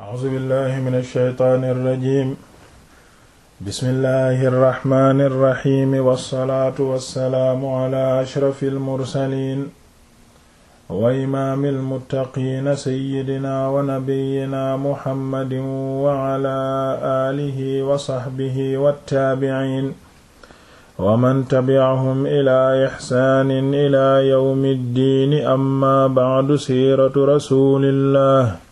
a'uuzu billahi min alsheytaani irrajim bismillahi irrahmani irrahimi wassalaatu wassalaamu ala ashrafi almursalin wa imaami almuttaqiina sayyidina wa nabiyyina muhammadin wa ala aalihi wa sahbihi wattaabiciin wa man tabi'ahum ila ixsaanin ila yawmi ddiini amma ba'du siiratu rasulillah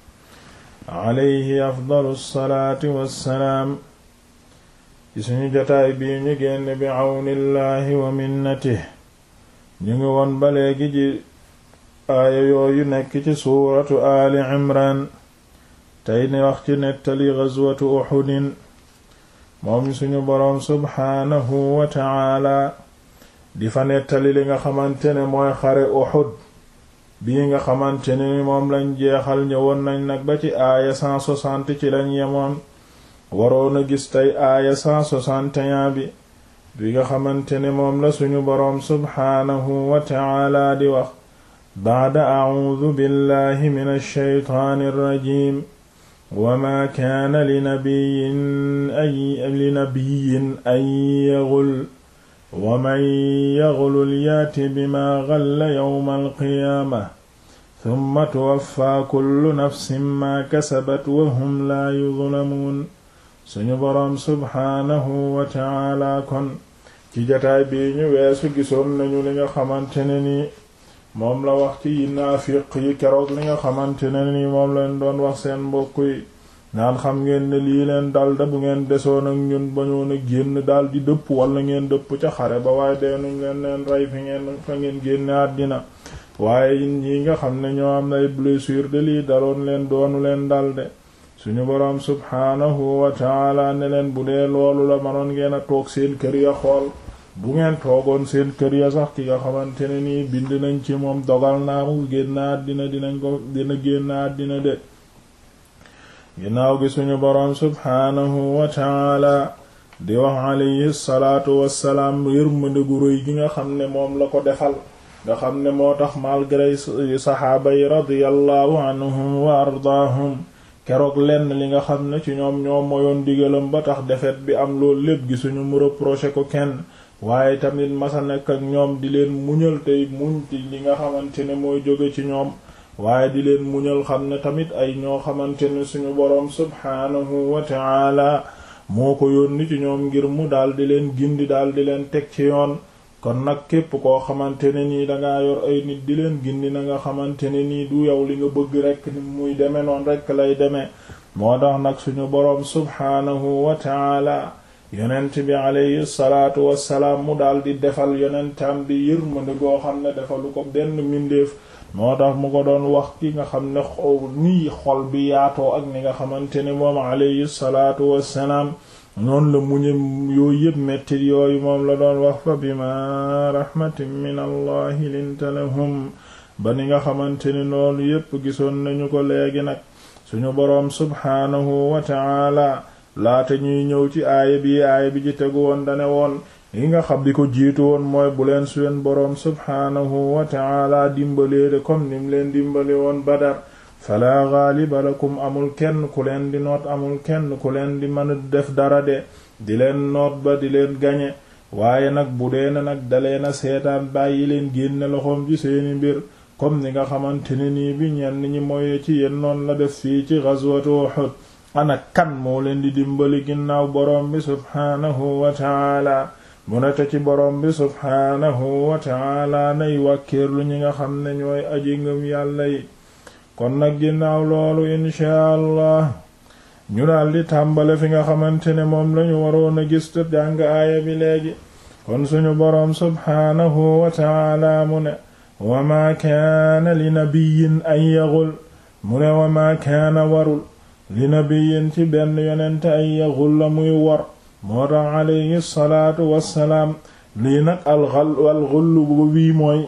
alayhi afdalu salaati wassalaam ci suñu jotaay bii ñu génn bi awnillahi wa minnatih ñu ngi woon baleegi léegi ji aaya yooyu nekk ci suuratu aali imran tey ni wax ci nettali gazwatu uxudin moom suñu boroom subxaanahu wa tacaala di fa nettali li nga xamante ne mooy xare uxud bii nga xamante ne moom lañ jeexal ñëwoon nañ nag ba ci aaya 160 ci lañ yemoon waroon a gis tey aaya 161 bi bi nga xamante ne moom la suñu boroom subhaanahu wa ta'ala di wax ba'da a'uudu billahi minash shaytaanir rajiim wa maa kaana li nabiyyin ay li wa man yaglul bi bimaa galla yawma alqiyaama summa tuwaffaa kullu nafsin maa kasabat wa hum laa yuzlamuun suñu boroom subxaanahu wa tacaala kon ci jataay bi ñu weesu gisoon nañu li nga xamante ne nii moom la wax ci yi naafiq yi keroog li nga xamante ne nii moom lañ doon wax seen mbokk yi naan xam ngeen ne lii leen dal da bu ngeen desoon ak ñun bañoon a génn daal di dëpp wala ngeen dëpp ca xare ba waaye deenuñ leen leen rey fi ngeen fa ngeen génne àddina waaye in nga xam ne ñoo am ay blessure de lii daloon leen doonu leen dalde de suñu boroom subhaanahu wa taala ne leen bu dee loolu la manoon ngeen a toog seen kër ya xool bu ngeen toogoon seen kër ya sax ki nga xamante ne nii bind nañ ci moom dogal naa mu génn àddina dinañ ko dina génn àddina de ginnaaw gi suñu boroom subhaanahu wa taala di wax alayhi salaatu wassalaam yërmande gu rëy gi nga xam ne moom la ko defal nga xam ne moo tax malgré saxaaba yi radiyallahu anhum wa ardaahum keroog lenn li nga xam ne ci ñoom ñoo moyoon digalam ba tax defet bi am loolu lépp gi suñu mu reproché ko kenn waaye tamit masa nekk ak ñoom di leen muñal tey muñ ci li nga xamante mooy jóge ci ñoom waaye di leen muñal xam ne tamit ay ñoo xamante ne suñu boroom subhaanahu wa ta'ala moo ko yónni ci ñoom ngir mu daldi leen gindi daldi leen teg ci yoon kon nag képp koo xamante ne nii dangaa yor ay nit di leen gindi na nga xamante ne nii du yow li nga bëgg rekk muy deme noon rekk lay demee moo tax nag suñu boroom subhaanahu wa ta'ala yonent bi alayhi salaatu wassalaam mu daldi defal yonentam bi yërmande goo xam ne defalu ko benn mindeef moo tax mu ko doon wax ki nga xam ne nii xol bi yaatoo ak ni nga xamante ne moom alayhi salaatu wassalaam noonu la muñe yooyu yëpp metti yooyu moom la doon wax fa bima rahmatin min allahi linta lahum ba ni nga xamante ne noonu yëpp gisoon nañu ko léegi nag suñu boroom subhaanahu wa ta'ala laata ñuy ñëw ci aaya bi aaya bi ji tegu woon dane woon yi nga xam di ko jiitu woon mooy bu leen seen boroom subhaanahu wa ta'ala dimbalee de comme nim leen dimbali woon badar fala gaaliba lakum amul kenn ku leen di noot amul kenn ku leen di mën a def dara de di leen noot ba di leen gañe waaye nag bu dee na nag dalee na seetaan bàyyi leen génne loxoom ci seeni mbir comme ni nga xamante ne nii bi ñenn ñi moye ci yéen noonu la def fii ci ghazwatu Uhud ana kan moo leen di dimbali ginnaaw boroom bi subhaanahu mu ne te ci boroom bi subhaanahu wa taala nay wàkkiirlu ñi nga xam ne ñooy aji ngëm yàlla yi kon nag ginnaaw loolu inchaa allah ñu daldi tàmbale fi nga xamante ne moom lañu waroon a gis te jàng aaya bi léegi kon suñu boroom subhaanahu wa taala mu ne wa maa kaana li nabiyin an yaxul mu ne wa maa kaana warul li nabiyin ci benn yonente ay yaxul la muy wor moo tax alayhi salaatu wassalaam lii nag alxal alxull bu wii mooy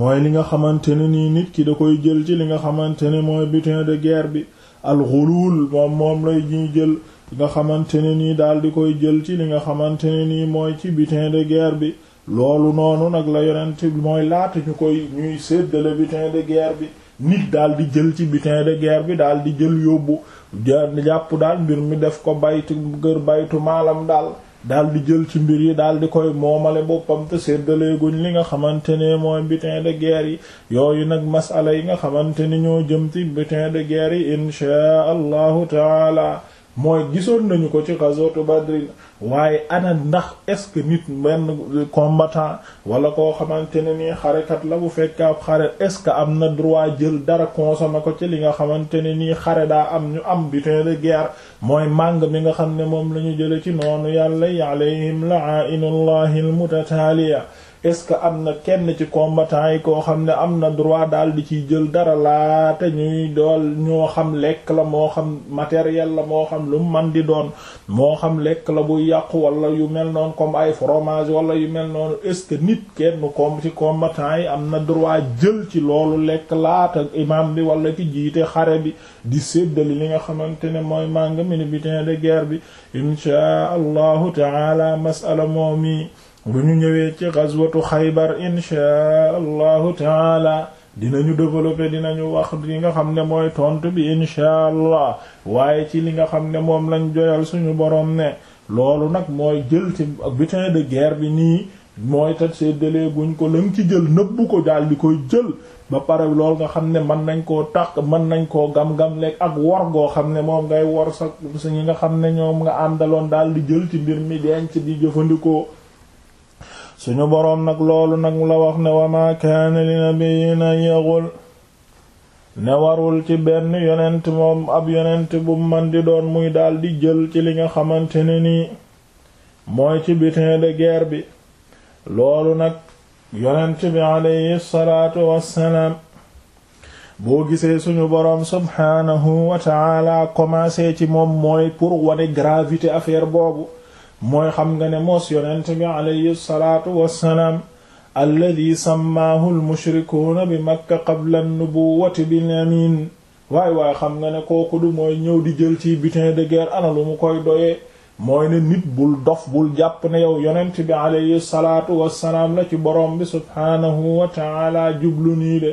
mooy li nga xamante ne nii nit ki da koy jël ci li nga xamante ne mooy butin de guerre bi alxuluul moom moom lay ñuy jël li xamante ne nii daal di koy jël ci li nga xamante ne nii mooy ci butin de guerre bi loolu noonu nag la yonent mooy laata ñu koy ñuy séddale butin de guerre bi nit daal di jël ci butin de guerre bi daal di jël yóbbu jàpp daal mbir mi def ko baytu kër baytu maalam daal daal di jël ci mbir yi daal di koy moomale boppam te séddaleeguñ li nga xamante ne mooy butin de guerre yi yooyu nag masala yi nga xamante ni ñoo jëm ci butin de guerre yi inchaa allahu taala mooy gisoon nañu ko ci ghazwatu Badr waaye ana ndax est-ce que nit benn combattant wala koo xamante ne nii xarekat la bu fekk ab xare est-ce que am na droit jël dara consommer ko ci li nga xamante ne nii xare daa am ñu am butin de guerre mooy màng bi nga xam ne moom la ñu jële ci noonu yàlla yi alayhim la'ainullahi almutataaliya est-ce que am na kenn ci combattant yi koo xam ne am na droit daal di ciy jël dara laata ñuy dool ñoo xam lekk la moo xam matériel la moo xam lu man di doon moo xam lekk la buy yàqu wala yu mel noonu comme ay fromage wala yu mel noonu est-ce que nit kenn comme ci combattant yi am na droit jël ci loolu lekk laata imam bi wala ki jiite xare bi di séddali li nga xamante ne mooy màng mi butin de guerre bi inchaa allahu taala masala moomi bu ñu ñëwee ci gazwatu xaybar inchaa allahu taala dinañu développer dinañu wax li nga xam ne mooy tontu bi inchaa allah waaye ci li nga xam ne moom lañ joyal suñu borom ne loolu nag mooy jël ci butin de guerre bi nii mooy tat séddalee guñ ko lañ ci jël nëbbu ko daal di koy jël ba pare loolu nga xam ne mën nañ koo tax mën nañ koo gam-gam lekk ak wor goo xam ne moom ngay wor sa ñi nga xam ne ñoom nga àndaloon daal di jël ci mbir mi denc di jëfandikoo suñu boroom nag loolu nag la wax ne wa maa kaana li nabiyyin an yaghul ne warul ci benn yonent moom ab yonent bu man di doon muy daldi jël ci li nga xamante ne nii mooy ci butin de guerre bi loolu nag yonent bi aleyhi salaatu wassalaam boo gisee suñu boroom subhaanahu wa taala commencé ci moom mooy pour wane gravité affaire boobu mooy xam nga ne moos yonent bi alayhi salaatu wassalaam alladi sammaahu almushrikuuna bi makka qabla nubuwati bil amin waay waay xam nga ne ko du mooy ñëw di jël ci bitin de guerre ana mu koy doyee mooy ne nit bul dof bul jàpp ne yow yonent bi alayhi salaatu wassalaam la ci borom bi subhaanahu wa taala jublu nii de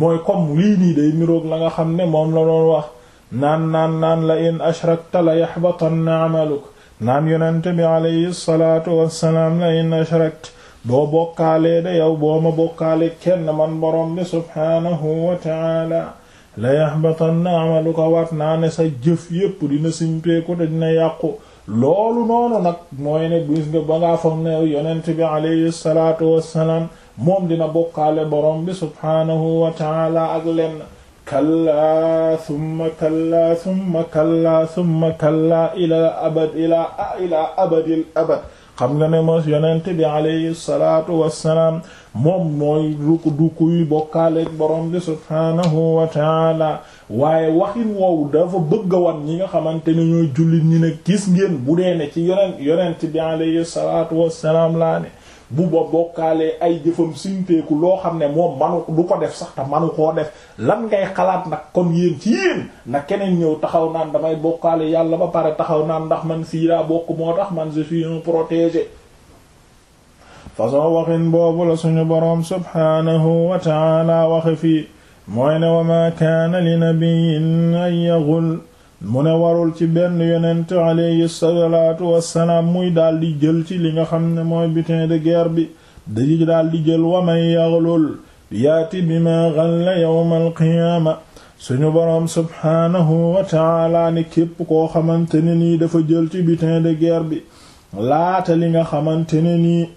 mooy comme lii nii miroog la nga xam ne moom la doon wax naan naan naan la in ashrakta la yaxbatanna amaluk naan yonente bi alayhi salaatu wassalaam la in ashrakta boo bokkaalee da yow boo ma bokkaale kenn man borom bi subhaanahu wa ta'ala la yahbatanna amaluka waat naa ne sa jëf yépp dina simpeeku te dina yàqu loolu noonu nag mooy ne gis ba ngaa foog ne yonent bi alayhi salaatu wassalaam moom dina bokkaale borom bi subhaanahu wa ta'ala ak lenn kallaa summa kallaa summa kallaa summa kallaa ilaa abad ilaa ilaa abadil abad xam nga ne mos yonent bi alayhi salaatu wassalaam moom mooy ruk du kuy bokkaaleeg borom bi subhaanahu wa taala waaye waxin woowu dafa bëgg wan ñi nga xamante ne ñooy jullit ñi ne gis bu dee ci yonent yonent bi alayhi salaatu wassalaam laa bu ba bokkaalee ay jëfam sinteeku loo xam ne moom manu du ko def sax te manu koo def lan ngay xalaat nag kon yéen ci yéen na keneen ñëw taxaw naan damay bokkaale yàlla ba pare taxaw naan ndax man siidaa bokk moo tax man je suis un protégé façon waxin boobu la suñu boroom subhaanahu wa ta'ala waxe fii mooy ne wa ma kaana li nabiyyin an yaghul mu ne warul ci benn yonent alayhi salaatu wassalaam muy di jël ci li nga xam ne mooy bitin de guerre bi daji di jël wa man yaxlul yaati bima ghalla yawmal qiyaama suñu boroom subhaanahu wa ne képp koo xamante ne nii dafa jël ci bitin de guerre bi laata li nga xamante ne nii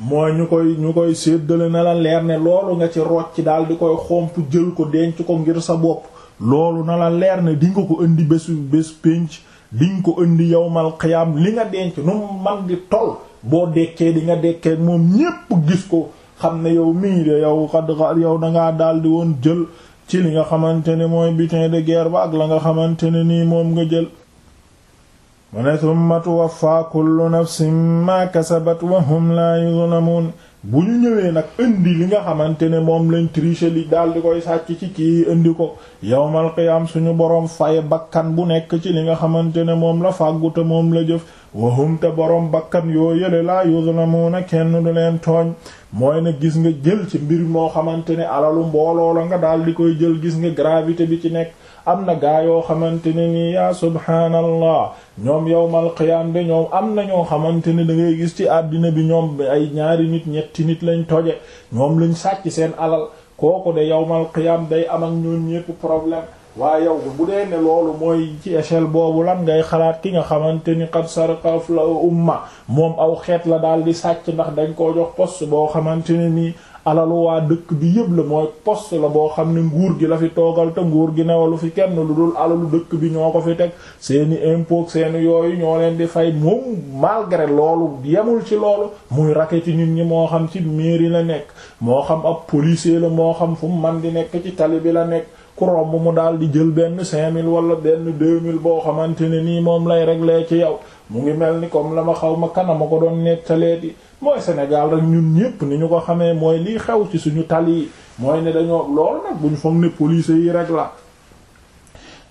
mooy ñu koy ñu koy séddale na la leer ne loolu nga ci rocc daal di koy xomp jël ko denc ko ngir sa bopp loolu na la leer ne di nga ko indi bésu bés pinc di ko indi yawmal qiyaam li nga denc nu man di toll boo dekkee di nga dekkee moom ñépp gis ko xam ne yow mii de yow xad yow dangaa daldi woon jël ci li nga xamante ne mooy butin de guerre ba ak la nga xamante ne nii moom nga jël mu ne summa tuwaffa kullu nafsin ma kasabat wa hum la yuzlamun bu ñu ñëwee nag indi li nga xamante ne moom lañ tricher li daal di koy sàcc ci kii indi ko yawmal qiyaam suñu borom fay bakkan bu nekk ci li nga xamante ne moom la fàggu te moom la jëf wahum te borom bakkan yoo yële laa na yuzlamuuna kenn du leen tooñ mooy na gis nga jël ci mbir moo xamante ne alalu mbooloo la nga daal di koy jël gis nga gravité bi ci nekk am na gaa yoo xamante ne nii yaa subhaanallah ñoom yawmal qiyaam de ñoom am na ñoo xamante ne da gis ci àddina bi ñoom ay ñaari nit ñetti nit lañ toje ñoom lañ sàcc seen alal kooku de yawmal qiyaam day am ak ñoon ñépp problème waaye yow bu dee ne loolu mooy ci échelle boobu lan ngay xalaat ki nga xamante ni qad sarqa umma moom aw xeet la daal di sàcc ndax dañ koo jox poste boo xamante ne nii alalu waa dëkk bi yëpp la mooy post la boo xam ne nguur gi la fi toogal te nguur gi newalu fi kenn lu dul alalu dëkk bi ñoo ko fi teg seeni impôt seeni yooyu ñoo leen di fay moom malgré loolu yemul ci loolu muy raquette nit ñi moo xam ci mairie la nekk moo xam ab policier la moo xam fu mu man di nekk ci tali bi la nekk ku romb mu daal di jël benn 5000 wala benn 2000 boo xamante ne nii moom lay régler ci yow mu ngi mel ni comme la ma xaw ma kanam ma ko doon nettaleeti mooy Sénégal rek ñun ñépp ni ñu ko xamee mooy lii xew ci suñu tali mooy ne dañoo lool nag bu ñu foog ne police yi rek la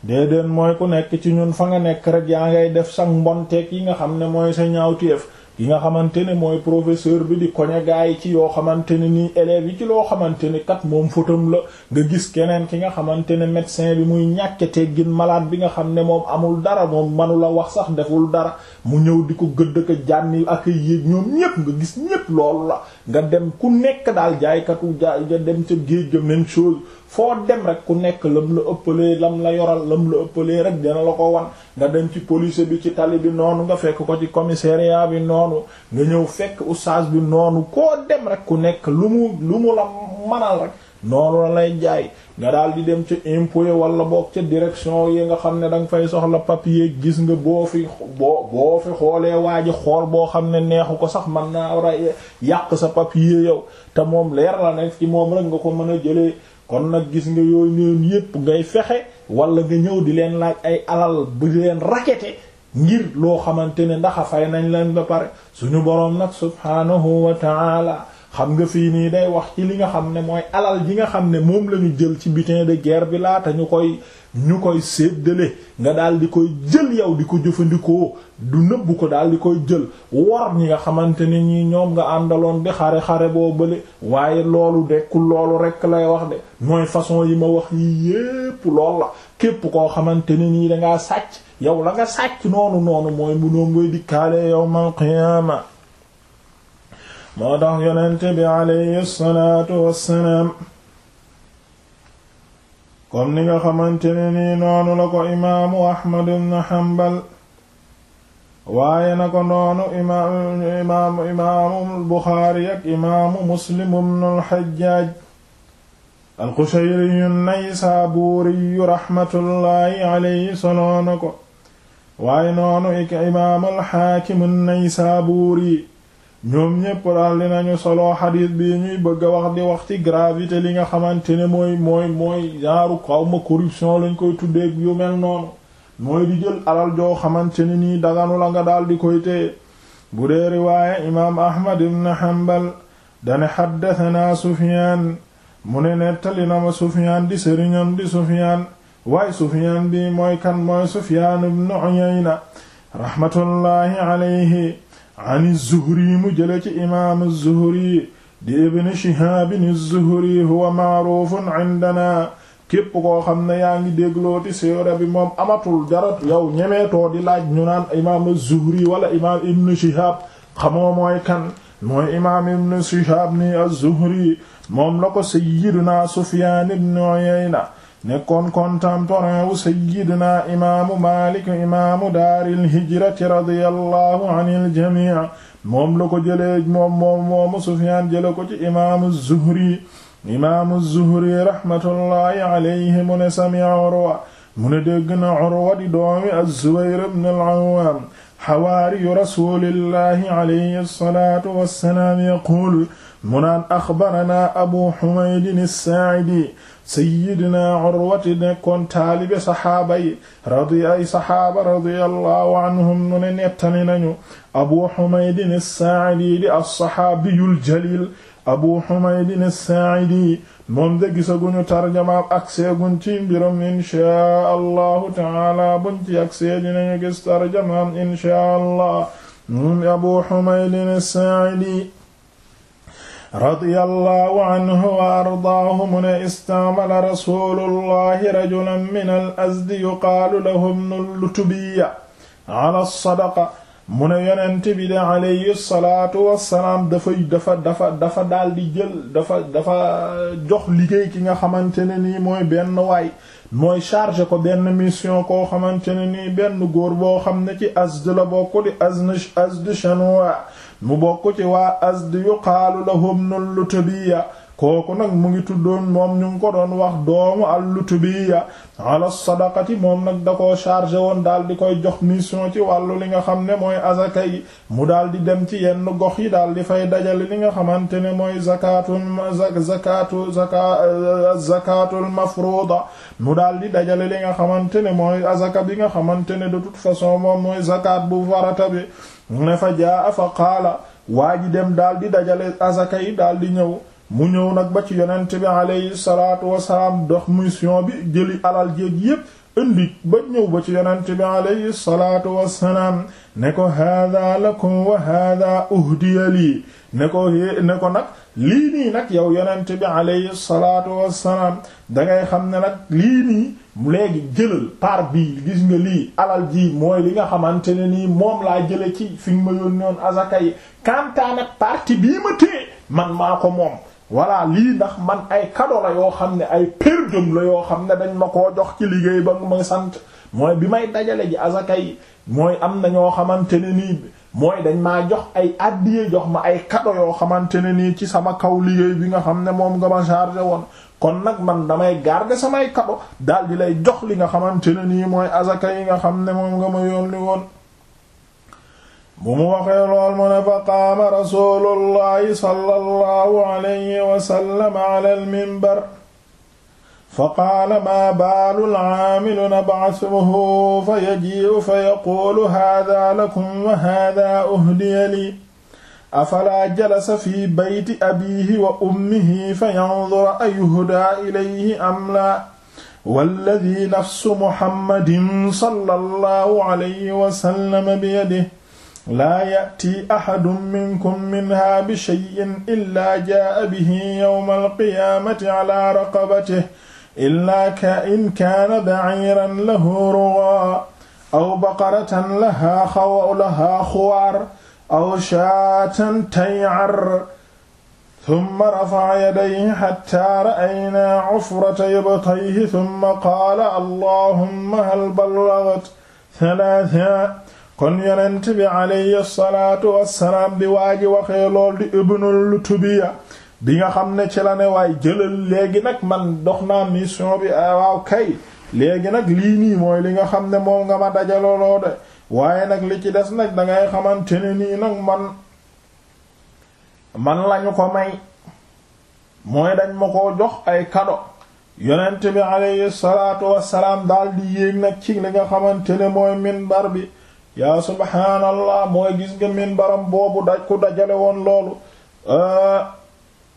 déedéet mooy ku nekk ci ñun fa nga nekk rek yaa ngay def sax mbonteeg yi nga xam ne mooy sa ñaawteef ki nga xamante ne mooy professeur bi di koñe gaa yi ci yoo xamante ne nii élèves yi ci loo xamante ne kat moom fóotam la nga gis keneen ki nga xamante ne médecin bi muy ñàkke teggin malaan bi nga xam ne moom amul dara moom manula wax sax deful dara mu ñëw di ko gëdd ko jànni ak yéeg ñoom ñépp nga gis ñépp loolu la nga dem ku nekk daal jaaykatu jaay nga dem ca géej ga même chose foo dem rek ku nekk lam la ëppalee lam la yoral lam la ëppalee rek dina la ko wan nga dem ci police bi ci tali bi noonu nga fekk ko ci commissariat bi noonu nga ñëw fekk oustaz bi noonu koo dem rek ku nekk lu mu lu mu la manal rek noonu la lay jaay nga daal di dem ci impôt walla boog ca direction yi nga xam ne danga fay soxla papier gis nga boo fi boo boo fi xoolee waa ji xool boo xam ne neexu ko sax man naa war yàq sa papier yow te moom leer la nekk ci moom nga ko mën a jëlee kon nag gis nga yooyu noonu yépp ngay fexe wala nga ñëw di leen laaj ay alal bu di leen raqueter ngir loo xamante ne ndax fay nañ leen ba pare suñu boroom nag subhaanahu wa taala xam nga fii nii day wax ci li nga xam ne mooy alal ji nga xam ne moom la ñu jël ci butin de guerre bi laata ñu koy ñu koy séddale nga daal di koy jël yow di ko jëfandikoo du nëbbu ko daal di koy jël war ñi nga xamante ne ñi ñoom nga àndaloon di xare-xare boo bële waaye loolu dekkul loolu rekk lay wax de mooy façon yi ma wax yi yépp lool la képp koo xamante ne nii dangaa sàcc yow la nga sàcc noonu noonu mooy mu noom ngoy dikkaale yawmal qiyaama moo tax yonente bi alayhi salaatu wassalaam comme ni nga xamante ne nii noonu la ko imaamu ahmad ibn hanbal waaye na ko noonu imaam imaam imaamu buxaari ak imaamu muslim ibn al-hajjaaj al-qushayri an-naysaabuuri rahmatullaahi alayhi soloona ko waaye noonu ik imaam al-haakim an-naysaabuuri ñoom ñépp daal dinañu solo xadiis bi ñuy bëgg a wax di wax ci gravité li nga xamante ne mooy mooy mooy genre xawma corruption lañ koy tuddeeg yu mel noonu mooy di jël alal joo xamante ne nii daganu la nga daal di koy téye bu dee riwaaya imaam ahmad ibn hanbal dane xaddatanaa sufyaan mu ne nettali na ma sufyaan di sëriñam di sufyaan waaye sufyaan bi mooy kan mooy sufyaan ibn uyayna rahmatullahi alayhi an zuhri mu jële ci imaam zuhri di ibn shihaabin zuhri képp koo xam ne yaa ngi déglooti siira bi moom amatul dara yow ñemeetoo di laaj ñu naan imaam zuhri wala imaam ibn shihaab xamoo mooy kan mooy imaam ibn shihaab ni az-zuhri moom la ko sayyiduna sufyaan ibn uyayna nekkoon contemporain wu sayyidina imaamu Maalik imaamu daaril hijrati radiyallahu anil jamii moom la ko jëlee moom moom moomu Sufyaan jële ko ci imaamu Zuhri imaamu Zuhri rahmatullahi alayhi mu ne sami'a Urwa mu ne dégg na Urwa di doomi az-Zubayr ibn al-Awwaam xawaariyu rasulillahi alayhi salaatu wassalaam yaquul mu naan axbaranaa Abu Humaydin as-Saa'idi sayyidina urwati nekkoon taalibe saxaaba yi radi ay saxaaba radiyallahu anhum nu ne nañu abu humaydin as-sa'idi di as-saxaabiyul jalil abu humaydin as moom de gisaguñu tarjamaam ak seeguñ ci mbiram inchaa allahu taala buñ ak see dinañu gis tarjamaam inchaa allah moom abu humaydin as-sa'idi radiyallahu anhu wa ardaahu mu ne istamala rasulullahi rajulan min al azdi yuqaalu lahu ibnu lutubiya ala sadaqa mu ne yonent bi de alayhi salaatu wassalaam dafay dafa dafa dafa daal di jël dafa dafa jox liggéey ki nga xamante ne nii mooy benn waay mooy chargé ko benn mission koo xamante ne nii benn góor boo xam ne ci azd la bokk di azd azd chanwa mu bokk ci waa asd yuqaalu lahum nun lutabiya kooku nag mu ngi tuddoon moom ñu ngi ko doon wax doomu al-Lutbiyya ala sadaqati moom nag da koo chargé woon daal di koy jox mission ci wàllu li nga xam ne mooy azaka yi mu daal di dem ci yenn gox yi daal di fay dajale li nga xamante ne mooy zakatu zakatu zaka zakatul mafruda mu daal di dajale li nga xamante ne mooy azaka bi nga xamante ne de toute façon moom mooy zakat bu farata bi mu ne fa jaa fa qaala waa ji dem daal di dajale azaka yi daal di ñëw mu ñëw nag ba ci yonent bi aleyhi salaatu wasalaam dox mission bi jëli alal jéeg yépp indi ba ñëw ba ci yonent bi aleyhi salaatu wasalaam ne ko hada lakum wa hada uhdiya lii ne ko ne ko nag lii nii nag yow yonent bi alayhi salaatu wassalaam dangay xam ne nag lii nii léegi jëlal par bii gis nga lii alal ji mooy li nga xamante ne nii moom laa jële ci fi nga ma yónnoon azaka yi kantaa nag bii ma téye man maa ko moom voilà lii ndax man ay cadeau la yoo xam ne ay pérdum la yoo xam ne dañ ma ko jox ci liggéey ba nga ma sant mooy bi may dajale ji azaka yi mooy am na ñoo xamante ne nii mooy dañ maa jox ay àddiye jox ma ay kado yoo xamante ne nii ci sama kaw liggéey bi nga xam ne moom nga ma chargé woon kon nag man damay garder samay kado daal di lay jox li nga xamante ne nii mooy azaka yi nga xam ne moom nga ma yónni woon bu mu waxee lool mu ne fa qaama rasulullahi sallallahu alayhi wa ala al fa qaala maa baalu al-aamili nab'athuhu fa yajii'u fa yaquulu haadaa lakum wa haadaa uhdiya lii afalaa jalasa fii bayti abiihi wa ummihi fa yanzura ayuhdaa ilayhi am laa walladii nafsu muhammadin sallallahu alayhi wa sallam biyadihi laa ya'tii ahadun minkum minhaa bishay'in illaa jaa'a bihi yawma al-qiyaamati alaa raqabatihi illaa ka in kaana baciiran lahu rugaa aw baqaratan lahaa xaw lahaa xuwaar aw shaatan taycar tumma rafaca yadayhi xattaa ra'aynaa cufrata yabtayhi tumma qaala allahumma hal ballagat talaata kon yonent bi alayhi salaatu wassalaam bi waaji waxee lool di ibnul Lutbiya bi nga xam ne ci la ne waay jëlal léegi nag man dox naa mission bi ah, waaw kay léegi nag lii nii mooy li nga xam ne moom nga ma dajaloloo de waaye nag li ci des nag dangay xamante ne nii nag man man lañu ko may mooy dañ ma ko jox ay kado yonent bi alayhi salaatu wassalaam daal di yéeg nag ci li nga xamante ne mooy minbar bi yaa subhaanallah mooy gis nga minbaram boobu daj ku dajale woon loolu ah,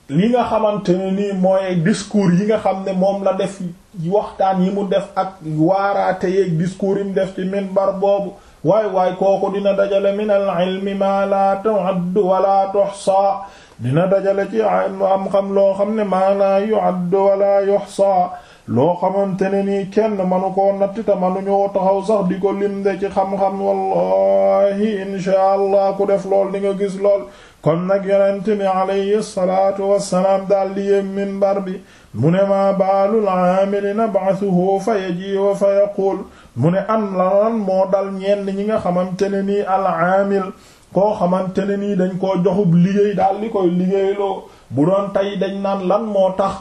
li nga xamante ne nii mooy discours yi nga xam ne moom la def waxtaan yi mu def ak waaraate yeeg discours yi mu def ci minbar boobu waay waay kooku dina dajale min al ilmi maa laa tu'addu wala tuhsa dina dajale ci am xam loo xam ne maa laa yu'addu wala yuhsa loo xamante ne nii kenn manu koo natt te manu ñoo taxaw sax di ko lim de ci xam-xam wallahi insha allah ku def lool di gis lool kon nag yonent bi alayhi salaatu wassalaam daal di yéeg bi mu ne maa baalul aamili nab'athuhu fa yaji wa fa yaquul mu ne am lan moo dal ñenn ñi nga xamante ne nii al aamil koo xamante ne nii dañ koo joxub liggéey daal di koy liggéeyloo bu doon tey dañ naan lan moo tax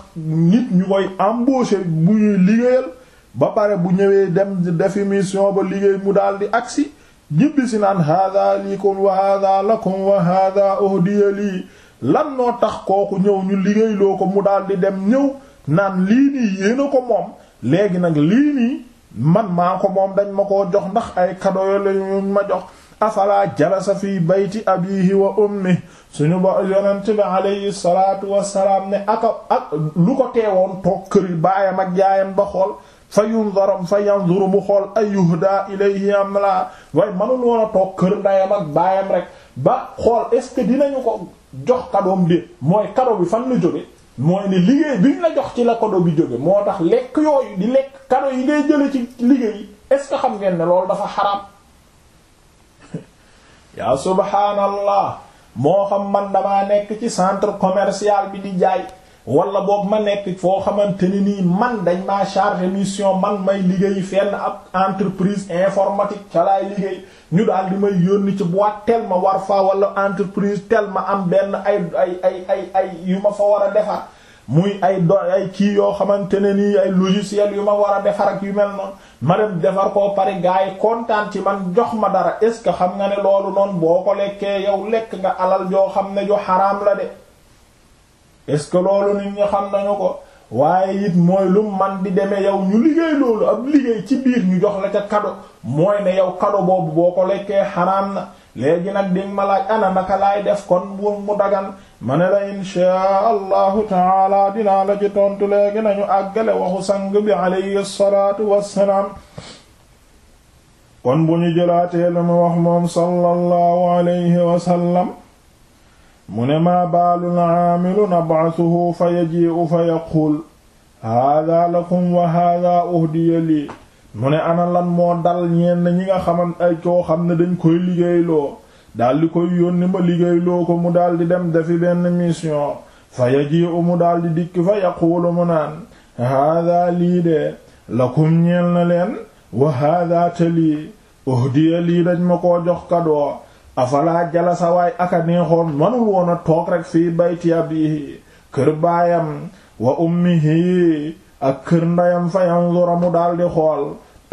nit ñu koy embaucher bu ñuy liggéeyal ba pare bu ñëwee dem defi mission ba liggéey mu daal di agsi ñibbisi naan hada liikum wa hada lakum wa hada uhdiya lii lan noo tax kooku ñëw ñu liggéeyloo ko mu daal di dem ñëw naan lii nii yéena ko moom léegi nag lii nii man maa ko moom dañ ma koo jox ndax ay cadeau lañu ma jox afala jalasa fi bayti abihi wa ummi suñu ba yonent bi alayhi salaatu wassalaam ne aka ak lu ko teewoon toog këri baayam ak jaayam ba xool fa yundaram fa yanzuru bu xool ay yuhda ilayhi am laa waaye manul woon a toog kër ndayam ak baayam rek ba xool est ce que dinañu ko jox kadoom bi mooy kado bi fan la jóge mooy ne liggéey bi ñu la jox ci la kado bi jóge moo tax lekk yooyu di lekk kado yi ngay jële ci liggéey yi est ce que xam ngeen ne loolu dafa xaraam yaa subhaanallah moo xam man damaa nekk ci centre commercial bi di jaay wala boog ma nekk foo xamante ne nii man dañ maa chargé mission man may liggéey fenn ab entreprise informatique ca laay liggéey ñu daal di may yónni ci boîte tel ma war fa wala entreprise tel ma am benn ay ay ay ay ay yu ma fa war a defar muy ay do ay kii yoo xamante ne nii ay logiciel yu ma war a defar ak yu mel noonu ma dem defar koo pare gars yi kontaan ci man jox ma dara est ce que xam nga ne loolu noonu boo ko lekkee yow lekk nga alal yoo xam ne ju xaraam la de. est-ce que loolu nit ñi xam nañu ko waaye it mooy lu man di demee yow ñu liggéey loolu ab liggéey ci biir ñu jox la ca kado mooy ne yow kado boobu boo ko lekkee xaraam na léegi nag di ma laaj ana naka laay def kon mu dagan ma ne la inshaa allahu taala dinaa la ci tontu léegi nañu àggale waxu sang bi alayhi salaatu wassalaam kon bu ñu jëlaatee lu mu wax moom sallallahu alayhi wasallam mu ne maa baalul na nab'athuhu fa yaji'u fa yaqul haadaa lakum wa haadaa uhdiya lii mu ne ana lan moo dal ñenn ñi nga xaman ay koo xam ne dañ koy liggéeyloo daldi koy yónni ma liggéeyloo ko mu daldi dem dafi benn mission fa yaji'u mu daldi dikk fa yaquulu mu naan haadaa lii de lakum ñeel na leen wa haadaa te lii uhdiya lii dañ ma ko jox kadoo afalaa jalasa waay aka neexoon manul woon a toog rek fii bayti abiihi kër baayam wa ummihi ak kër ndeyam fa yanzura mu daal di xool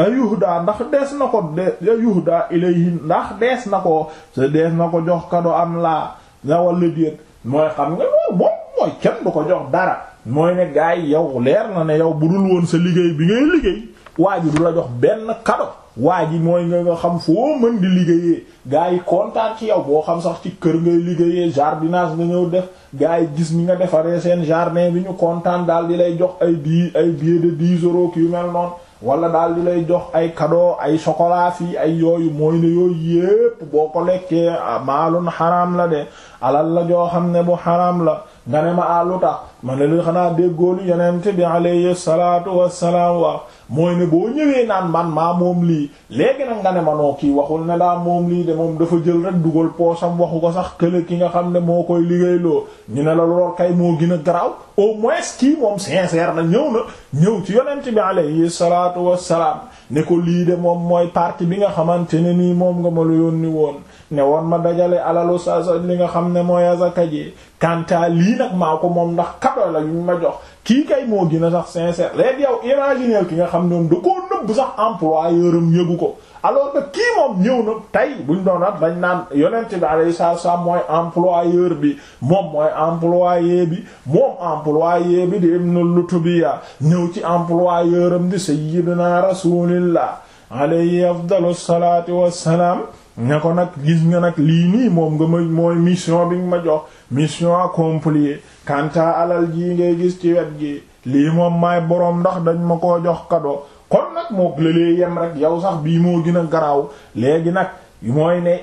ayuhdaa ndax dees na ko de ayuhdaa ilayhi ndax dees na ko sa dees na ko jox kado am laa na walla déet mooy xam nga loolu moom mooy kenn du ko jox dara mooy ne gaay yow leer na ne yow bu dul woon sa liggéey bi ngay liggéey waa du la jox benn kado waa ji mooy nga nga xam foo mën di liggéeyee gaa yi kontaan ci yow boo xam sax ci kër ngay liggéeyee jardinage nga ñëw def gaa yi gis ni nga defaree seen jardin bi ñu kontaan daal di lay jox ay bi ay billets de dix euros yu mel noonu wala daal di lay jox ay cadeau ay chocolat fii ay yooyu mooy ne yooyu yépp boo ko lekkee ah, maalun xaraam la de alal la joo xam ne bu xaraam la nga ne ma àllu ah, tax ma ne li xanaa déggoolu yeneen bi alayhi salaatu wassalaam wa mooy ne boo ñëwee naan man maa moom lii léegi nag nga ne manoo kii waxul ne laa moom lii de moom dafa jël rek dugal poosam waxu ko sax kële ki nga xam ne moo koy liggéeyloo ñu ne la lool kay moo gën a garaaw au moins kii moom sincère na ñëw na ñëw ci yonent bi alayhi salaatu wassalaam ne ko lii de moom mooy partie bi nga xamante ne nii moom nga ma la yónni woon ne woon ma dajale alalu sa sa li nga xam ne mooy azaka ji kanta lii nag maa moom ndax kado la yuñ ma jox kii kay moo gën a sax sincère léegi yow imaginer ki nga xam ne moom da koo nëbb sax employeur am yëgu ko alors que kii moom ñëw na tey buñ doonaat dañ naan yonent bi alayhi salaam mooy employeur bi moom mooy employé bi moom employé bi di ibnu lutubiya ñëw ci employeur am di sayyidina rasulillah alayhi afdalu salaatu wassalaam ne ko nag gis nga nag lii nii moom nga ma mooy mission bi nga ma jox mission accomplie kanta alal ji ngay gis ci wet gi lii moom may boroom ndax dañ ma ko jox kado kon nag moo lëlee yem rek yow sax bii moo gën a garaaw léegi nag mooy ne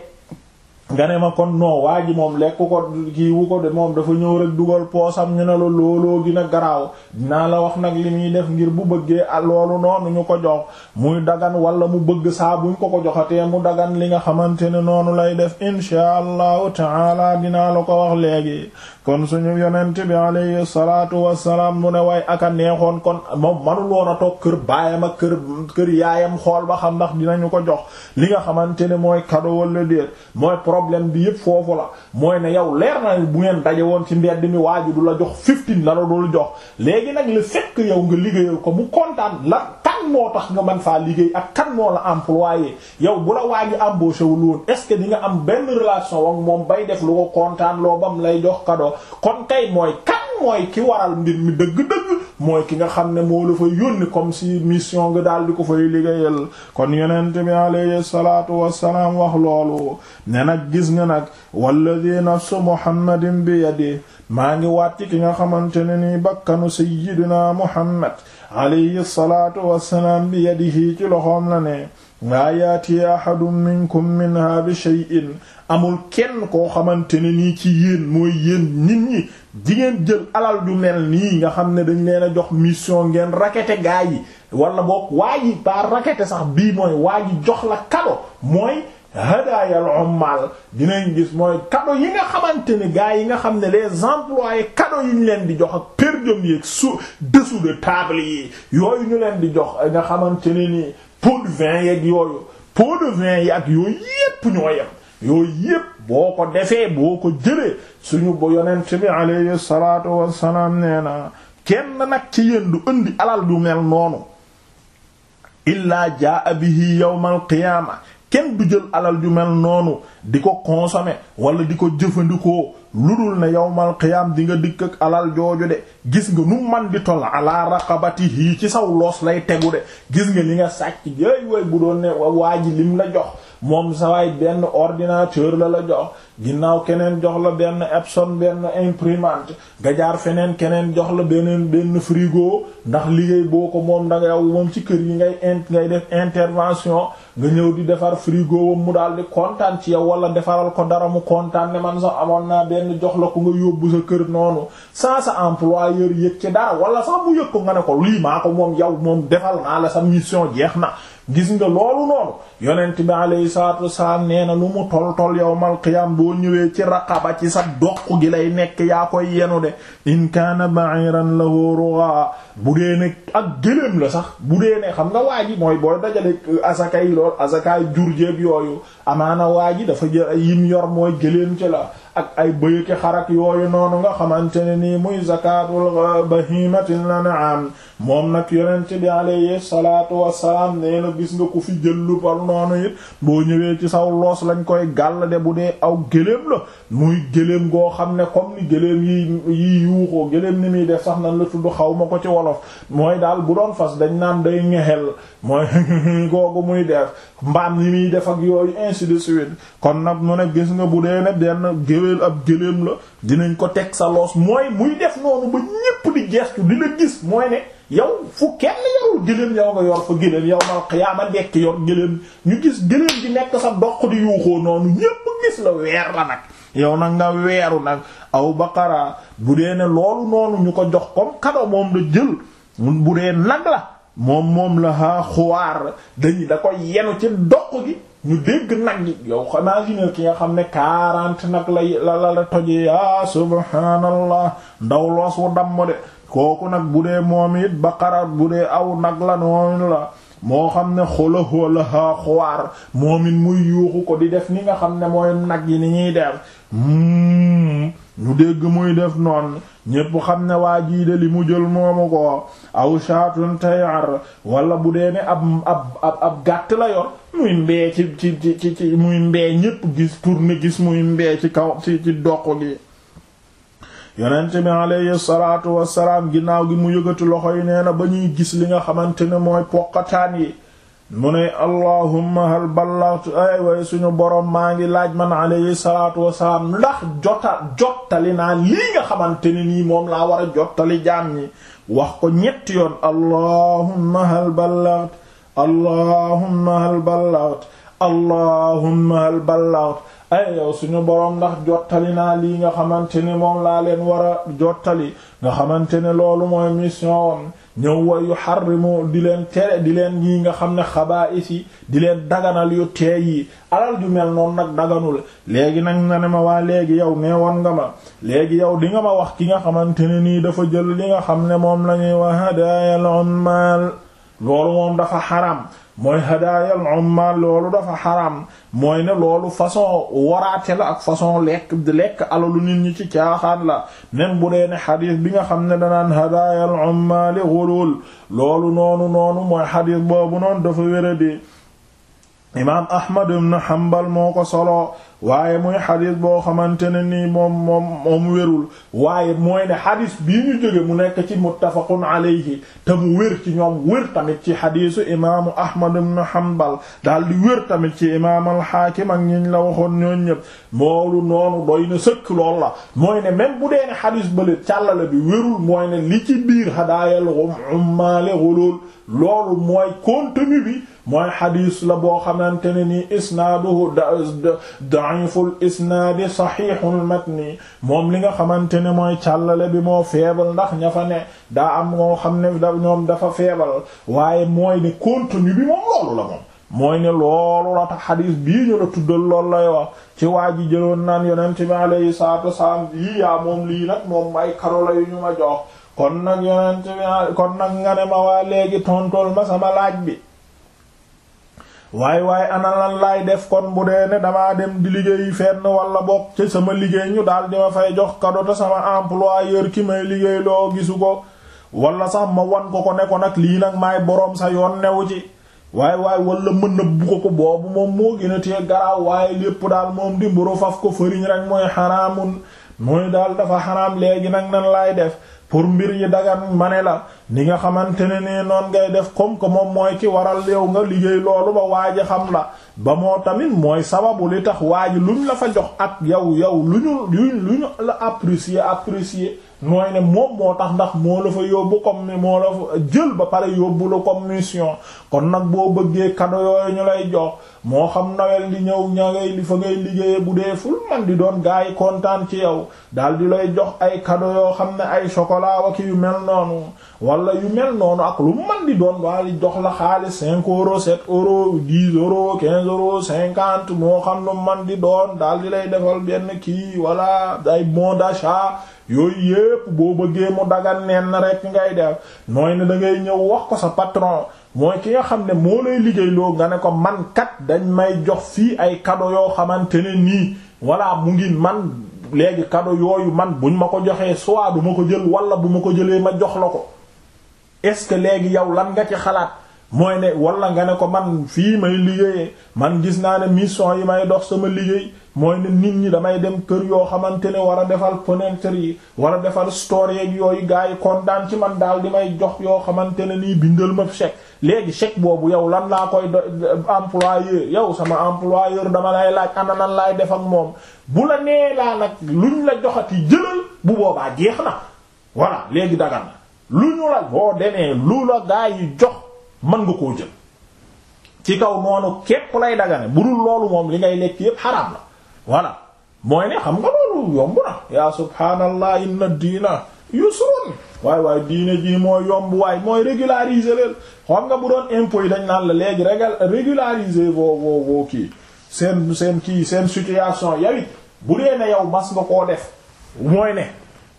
nga ne ma kon noo waa ji moom lekk ko kii ko de moom dafa ñëw rek dugal poosam ñu ne la looloo gën garaaw dinaa la wax nag li muy def ngir bu bëggee ah, loolu noonu ñu ko jox muy dagan wala mu bëgg saa buñ ko ko joxatee mu daggan li nga xamante ne noonu lay def inshaa allahu taala dinaa la ko wax léegi kon suñu yonent bi alayhi salaatu wassalaam mu ne way aka neexoon kon moom manul woon a toog kër baayam ak kër kër yaayam xool ba xam ndax dinañu ko jox li nga xamante ne mooy cadeau wala déet mooy problème bi yépp foofu la mooy ne yow leer na bu ngeen daje woon ci mbedd mi waaju du la jox fifteen la la dul jox léegi nag le fait que yow nga liggéeyal ko mu kontaan la kan moo tax nga man faa liggéey ak kan moo la employé yow bu la waaji embauché wul woon est ce que di nga am benn relation ak moom bay def lu ko kontaan loo bam lay jox kado kon kay mooy kan mooy ki waral mbir mi dëgg-dëgg mooy ki nga xam ne moo la fa yónni comme si mission nga daal di ko fay liggéeyal kon yonent bi alayhi salaatu wassalaam wax loolu ne nag gis nga nag walladhi nafsu muhammadin bi yadi maa ngi wàcc ki nga xamante ne nii bakkanu sayyidina muhammad alayhi salaatu wassalaam bi yadihi ci loxoom la ne maa yaati ahadun minkum minha bi shay'in amul kenn koo xamante ni nii ci yéen mooy yéen nit ñi di ngeen jël alal ju mel nii nga xam ne dañ leen a jox mission ngeen raqueté gaa yi wala boog waa ji ba sax bii mooy waa jox la kado mooy hadaayal ummal dinañ gis mooy cadeau yi nga xamante ni gars yi nga xam ne les employés cadeau yi ñu leen di jox ak per diem yeeg su dessous de table yi yooyu ñu leen di jox nga xamante ni pot de vin yeeg yooyu de vin yi ak yooyu yépp ñoo yem yooyu yépp boo ko defee boo ko jëlee suñu ba yonent bi alayhi nee na kenn nag ci yéen du indi alal yu mel noonu illaa jaa bihi yawmal qiyaama kenn du jël alal ju mel noonu di ko consommer wala di ko jëfandikoo lu dul ne yawmal qiyaam di nga dikk ak alal jooju de gis nga nu man di toll ala raqabatihi ci saw loos lay tegu de gis nga li nga sàcc yéy way bu doon ne waa ji lim la jox moom sawaay benn ordinateur la la jox ginnaaw keneen jox la benn Epson benn imprimante nga jaar feneen keneen jox la beneen benn frigo ndax liggéey boo ko moom danga yow moom ci kër yi ngay in def intervention nga ñëw di defar frigo wam mu daal di kontaan ci yow wala defaral ko dara mu kontaan ne man sa amoon naa benn jox la ku nga yóbbu sa kër noonu sans sa employeur yëg ci dara wala sax mu yëg ko nga ne ko lii maa ko moom yow moom defal naa la sa mission jeex na gis nga loolu noonu yonent bi alayhi salaatu wasalaam nee na lu mu tol tol yawmal qiyaam boo ñëwee ci raqaba ci sa doq gi lay nekk yaa koy yenu de in kaana ba'iran lahu ruwa bu dee ne ak gëléem la sax bu dee ne xam nga waa ji mooy booy dajale asakay lool asakaay jur jéeg yooyu amaana waa ji dafa jël ay yim yor mooy gëléem ci la ak ay bëyëki xarak yooyu noonu nga xamante ne nii muy zakatul bahimatil an'am moom nag yonent bi alayhi salaatu wassalaam nee na gis nga ko fi jël lu bal noonu it boo ñëwee ci saw loos lañ koy gàll de bu dee aw gëléem la muy gëléem goo xam ne comme ni gëléem yi yi yuuxoo gëléem ni muy def sax na la tudd xaw ma ko ci wolof mooy daal bu doon fas dañ naan day ñexel mooy googu muy def mbaam ni muy def ak yooyu ainsi kon nag mu ne gis nga bu dee ne benn géwél ab gëléem la dinañ ko teg sa loos mooy muy def noonu ba ñépp di gestu di gis mooy ne yow fu kenn yorul gëléem yow nga yor fa gëléem yow mal xiyaama dekk yor gëléem ñu gis gëléem gi nekk sa doq di yuuxoo noonu ñépp gis la weer la nag yow nag nga weeru nag aw baqara bu dee ne loolu noonu ñu ko jox comme kado moom la jël bu dee nag la moom moom la haa xuwaar dañu da ko yenu ci doq gi ñu dégg nag yi yow imagine ki nga xam ne quarante nag lay la la la toje ya ah, subhaanallah ndaw loos wu damm de kooku nag bu dee moom it baqara bu dee aw nag la noonu la moo xam ne xolaholaha xuwaar moom it muy yuuxu ko di def ni nga xam ne mooy nag yi ni ñuy def hmm, ñu dégg muy def noonu ñépp xam ne waa jiide li mu jël moomu ko aw shaatun tayar wala bu dee ne ab ab ab ab gàtt la yoon muy mbee ci ci ci ci muy mbee ñépp gis tourne gis muy mbee ci kaw ci ci doq gi yonent bi alayhi salaatu wassalaam ginnaaw gi mu yëgati loxo yi nee na ba ñuy gis li nga xamante ne mooy poqataan yi mu ne allahumma hal ballaghtu ay way suñu borom maa ngi laaj man alayhi salaatu wasalaam ndax jota jottali naa lii nga xamante nii moom laa war jottali jaam ñi wax ko ñetti yoon allahumma hal ballaghtu allahumma hal ballaghtu allahumma hal ballaghtu ay suñu boroom ndax jottali naa lii nga xamante ne moom laa leen war a jottali nga xamante ne loolu mooy mission ñëw wa yu xarrimu di leen tere di leen yi nga xam ne xabaa'is yi di leen daganal yu teey yi alal yu mel noonu nag daganul léegi nag na ne ma waa léegi yow nee woon nga ma léegi yow di nga ma wax ki nga xamante ne nii dafa jël li nga xam ne moom la ñuy wax hadaayal ummaal loolu moom dafa xaram mooy hadaayal ummal loolu dafa xaram mooy ne loolu façon waraate la ak façon lekk di lekk alalu nit ñi ci caaxaan la même bu dee ne xadis bi nga xam ne danaan hadaayal ummal ghulul loolu noonu noonu mooy xadis boobu noonu dafa wéradi imaam Ahmad ibn Hanbal moo ko solo waaye muy xadis boo xamante ne nii moom moom moom wérul waaye mooy ne xadis bii ñu jóge mu nekk ci muttafaqun alayhi te mu wér ci ñoom wér tamit ci xadisu imaamu Ahmad ibn Hanbal daal di wér tamit ci imaam al-Hakim ak ñiñ la waxoon ñooñ ñëpp moolu noonu doy na sëkk lool la mooy ne même bu dee ne bale càllale bi wérul mooy ne li ci biir hadaayal ummaale xulul loolu mooy contenu bi mooy xadiis la boo xamante ne nii isnaaduhu da'iful isnaadi saxiixul matni moom li nga xamante ne mooy càllale bi moo feebal ndax ña ne daa am moo xam ne da ñoom dafa feebal waaye mooy ne contenu bi moom loolu la moom mooy ne loolu la tax xadiis bii ñu la tuddal loolu lay wax ci waa ji jëloon naan yonent bi alayhi salaatu wasalaam yii yaa moom lii nag moom may karola yu ñu ma jox kon nag yonent bi kon nag nga ne ma waa léegi tontool ma sama laaj bi waay waaye ana lan laay def kon bu dee ne damaa dem di liggéey na wala bokk ci sama liggéey ñu daal di ma fay jox kado te sama employeur ki may liggéey loo gisu ko wala sax ma wan ko ko ne ko nag lii nag maay boroom sax yoon newu ci waaye waaye wala mën na bu ko ko boobu moom moo gën a tee garaaw waaye lépp daal moom di mburu faf ko fëriñ rek mooy xaraamun mooy daal dafa xaraam léegi nag nan laay def pour mbir yi dagan ma ne la ni nga xamante ne nii noon ngay def comme que moom mooy ki waral yow nga liggéey loolu ba waaji xam la ba moo tamit mooy sababu li tax waaji luñ la fa jox ak yow yow lu ñu lu ñu la apprécier apprécier mooy ne moom moo tax ndax moo la fa yóbbu comme ni moo la fa jël ba pare yóbbu la comme mission kon nag boo bëggee cadeau yooyu ñu lay jox moo xam nawel di ñëw ña ngay li fa ngay liggéeyee bu dee ful man di doon gaa yi kontaan ci yow daal di lay jox ay cadeau yoo xam ne ay chocolat wa ki yu mel noonu wala yu mel noonu ak lu man di doon waa li jox la xaalis cinq euros sept euros dix euros quinze euros cinquante moo xam lu man di doon daal di lay defal benn kii wala ay bon d'achat yooyu yépp boo bëggee mu dagan neen na ngay def mooy ne da ngay ñëw wax ko sa patron mooy ki nga xam ne moo lay liggéeyloo nga ne ko man kat dañ may jox fii ay cadeau yoo xamante ne nii walla mu ngi man léegi cadeau yooyu man buñ ma ko joxee soit du ma ko jël wala bu ma ko jëlee ma jox la ko est léegi yow lan nga ci xalaat mooy ne wala nga ne ko man fii may liggéeyee man gis naa ne mission yi may dox sama liggéey mooy nit ñi damay dem kër yoo xamante ne war a defal fenêtre yi war a defal store yeeg yooyu gaa yi kontaan ci man daal di may jox yoo xamante ne nii bindal ma chèque léegi chèque boobu yow lan laa koy employé yow sama employeur dama lay laaj ana nan laay def ak moom bu la nee laa nag ñu la joxati jëlal bu boobaa jeex na waa léegi dagan lu ñu la boo demee lu la gars yi jox mën nga koo jël ci kaw noonu képp lay dagane bu dul loolu moom li ngay lekk yépp xar la voilà mooy ne xam nga loolu yomb na yaa subhaanallah inna diina yusrun waay waay diine ji mooy yomb waay mooy régulariser leen xam nga bu doon impôt yi dañ naan la léegi régulariser voo voo voo kii seen seen kii seen situation yawit bu dee ne yow mas nga koo def mooy ne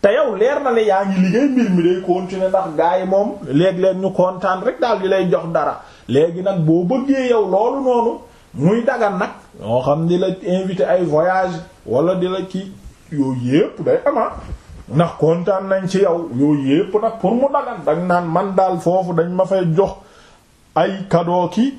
te yow leer na le yaa ngi liggéey mbir mi day continuer ndax gars yi moom léeg-léeg ñu kontaan rek daal di lay jox dara léegi nag boo bëggee yow loolu noonu muy dagan nag ñoo xam ni la invité ay voyage wala di la kii yooyu yépp day ama ah. ndax kontaan nañ ci yow yooyu yépp nag pour mu dagan dang naan man daal foofu dañ ma fay jox ay cadeau ki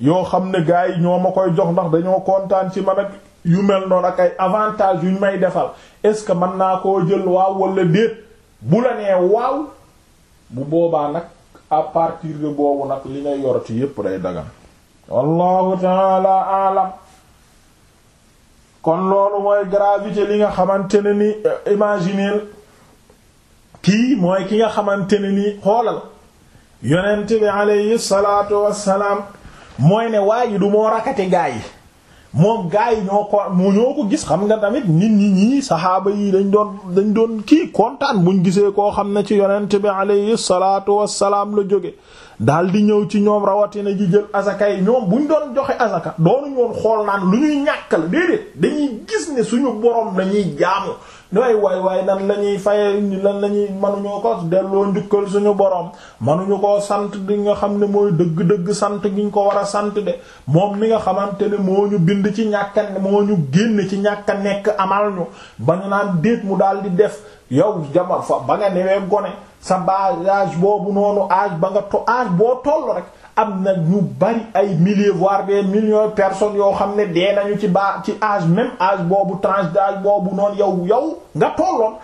yoo xam ne gars yi ñoo ma koy jox ndax dañoo kontaan ci ma ak yu mel noonu ak ay avantages yu may defal est-ce que mën naa koo jël waaw walla déet bu la nee waaw bu boobaa nag à partir de boobu nag li ngay yorati yépp day dagan wallahu taala alam kon loolu mooy gravité li nga xamante ne ni euh, imaginer kii mooy ki nga xamante ne ni xoolal yonent bi alayhi salaatu wassalaam mooy ne waa ji du moo rakkate gaa yi moom yi ñoo ko gis xam nga tamit nit ñi ñii saxaaba yi dañ doon dañ doon kii kontaan buñ gisee koo xam ne ci yonent bi alayhi salaatu wassalaam la jóge daal di ñëw ci ñoom rawatina ji jël azaka yi ñoom buñ doon joxe azaka doonuñ woon xool naan lu ñuy ñàkk la déedéet dañuy gis ne suñu borom lañuy jaamu way waay waay nan la ñuy faye lan la ñuy mënuñoo ko delloo njukkal suñu borom mënuñu koo sant di nga xam ne mooy dëgg-dëgg sant gi ñu ko war a sant de moom mi nga xamante ne moo ñu bind ci ñàkka moo ñu génn ci ñàkk nekk amal ñu ba ñu naan déet mu daal di def yow jama fa ba nga newee gone sa base âge boobu noonu âge ba nga to âge boo toll rek am na ñu bari ay milliers voire des millions personnes yoo xam ne dee nañu ci baa ci âge même âge boobu tranche d'âge boobu noon yow yow nga tolloon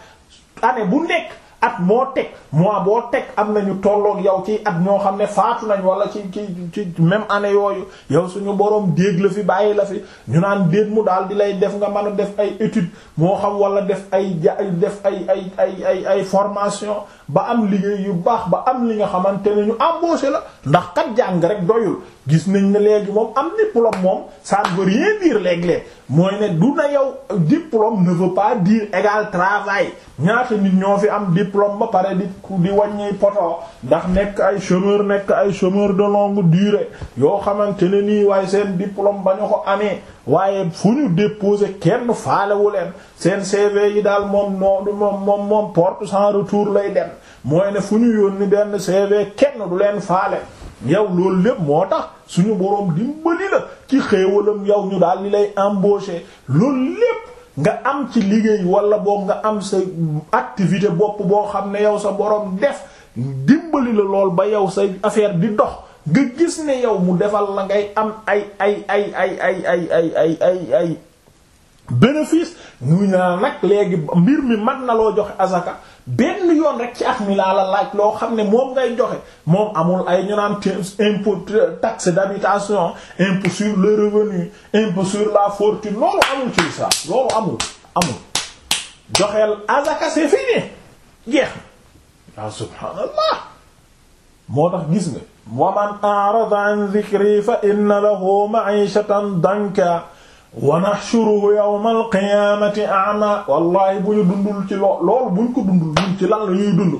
année bu nekk. at moo teg mois boo teg am na ñu tolloog yow ci at ñoo xam ne faatu nañ wala ci ci ci même année yooyu yow suñu boroom déeg la fi bàyyi la fi ñu naan déet mu daal di lay def nga mën a def ay étude moo xam wala def ay ja def ay ay ay ay ay formation ba am liggéey yu baax ba am li nga xamante ne ñu embauché la ndax kat jàng rek doyul gis nañ ne léegi moom am diplôme moom ça ne veut rien mooy ne du na yow diplôme ne veut pas dire égal travail ñaata nit ñoo fi am diplôme ma pare di di wàññi poto ndax nekk ay chômeur nekk ay chômeur de longue durée yoo xamante ne nii waaye seen diplôme ba ñu ko amee waaye fu ñu déposé kenn faalewu leen seen CV yi daal moom moom moom moom porte sans retour lay dem mooy ne fu ñu yónni benn CV kenn du leen faale. yow loolu lépp moo tax suñu boroom dimbali la ci xéewalam yow ñu daal di lay embaucher loolu lépp nga am ci liggéey wala boog nga am sa activité bopp boo xam ne yow sa boroom def dimbali la lool ba yow sa affaire di dox nga gis ne yow mu defal la ngay am ay ay ay ay ay ay ay ay ay ay bénéfice ñu naa nag léegi mbir mi mat na loo joxe asaka benn yoon rek ci at mi laa la laaj loo xam ne moom ngay joxe moom amul ay ñu naan impôt taxe d'habitation impôt sur le revenu impôt sur la fortune loolu amul ci islam loolu amul amul joxeel azaka c'est fini jeex na ya subhaanallah moo tax gis nga wa man a'rada an dhikri fa inna lahu ma'ishatan danka wa nahshuruhu yawmal qiyaamati a'maa wallaahi bu ñu dundul ci loo loolu bu ñu ko dundul ñun ci lan la ñuy dund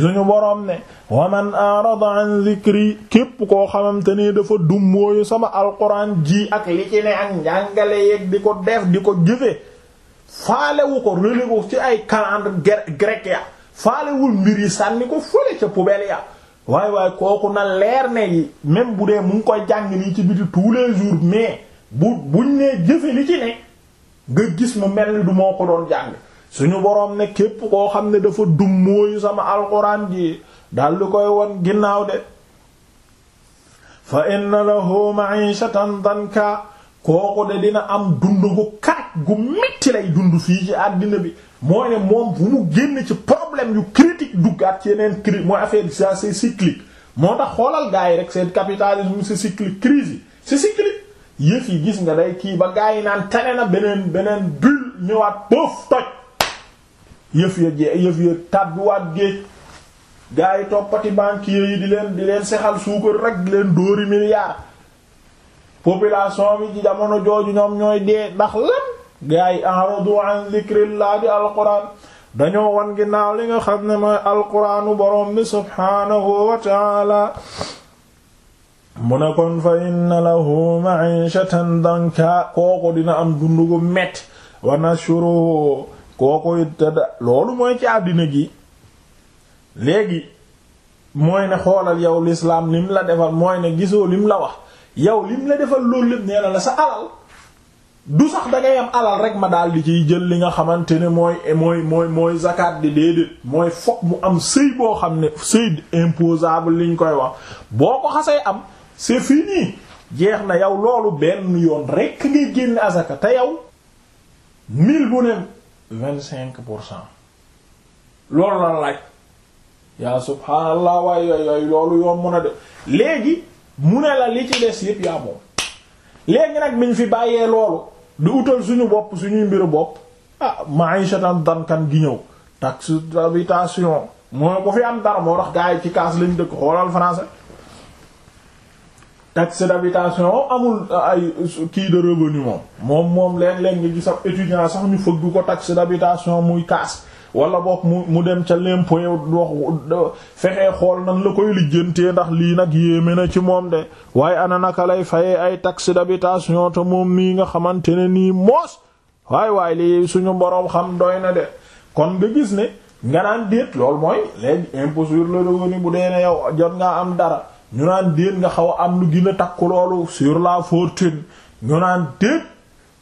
suñu boroom ne wa man a'rada an dhikri képp koo xamante ne dafa dummóoyu sama alquran ji ak li ci ne ak njàngale yeeg di ko def di ko jëfe faalewu ko ci ay calendrier grec grec ya faalewul mbir yi sànni ko fële ca poubelle ya waaye waaye kooku na leer ne yi même bu dee mu ngi koy ci biti tous les jours mais bu buñ nee jëfe li ci ne nga gis mu mel ni du moo ko doon jàng suñu boroom ne képp koo xam ne dafa dum mooyu sama alxuraan ji dal di koy won ginnaaw de fa inna lahu ma'ishatan danka kooku de dina am dund gu kaaj gu metti lay dund fii ci àddina bi mooy ne moom bu mu génn ci problème yu critique duggaat ci yeneen crise mooy affaire ça c'est cyclique moo tax xoolal gars rek seen capitalisme c'est cyclique crise yi c'est cyclique yëf yi gis nga day kii ba gaa yi naan tane na beneen beneen bul ñëwaat poof toj yëf ya je yëf ya tàbbiwaat géej gaa yi toppati banquiers yi di leen di leen sexal suukar rek di leen dóori milliard population bi ci jamono jooju ñoom ñooy dee ndax lan gaa yi aradu an zikrillah di alquran dañoo wan ginnaaw li nga xam ne mooy alquranu borom bi subhanahu wa taala mu ne kon fa inna lahu ma'ishatan danka kooku dina am dundu gu metti wa nashuru kooku it loolu mooy ci àddina gi léegi mooy ne xoolal yow lislaam lim la defal mooy ne gisoo lim la wax yow lim la defal loolu lépp nee na la sa alal du sax dangay am alal rek ma daal di ciy jël li nga xamante ne mooy mooy mooy mooy zakat di déedéet mooy fokk mu am sëy boo xam ne sëy imposable liñ koy wax boo ko xasee am. c'est fini jeex na yow loolu benn yoon rekk ngay génn azaka te yow mil bu ne vingt cinq pour cent loolu la laaj yaa subhaanallah waay yooyu loolu yoon mën a def léegi mu ne la li ci des yépp yaa moom léegi nag biñ fi bàyyee loolu di utal suñu bopp suñuy mbiru bopp ah ma'ishatan dankan gi ñëw taxe d'habitation moo ko fi am dara moo tax gars yi ci kaas lañ dëkk xoolal français taxe amul ay kii de revenu moom moom moom léeg-léeg nga gis ab étudiant sax ñu fëgg ko taxe d'habitation muy kaas wala boog mu mu dem ca l'impôt wax fexee xool nan la koy lijjantee ndax lii nag yéeme na ci moom de waaye ana naka lay fayee ay taxe d'habitation te moom nii nga xamante ne nii moos waay waay lii suñu boroom xam doy na de kon nga gis ne nga naan déet loolu mooy léegi impôt sur le bu dee ne yow jot ngaa am dara ñu naan déet nga xaw a am lu gën a takku loolu sur la fortune ñu naan déet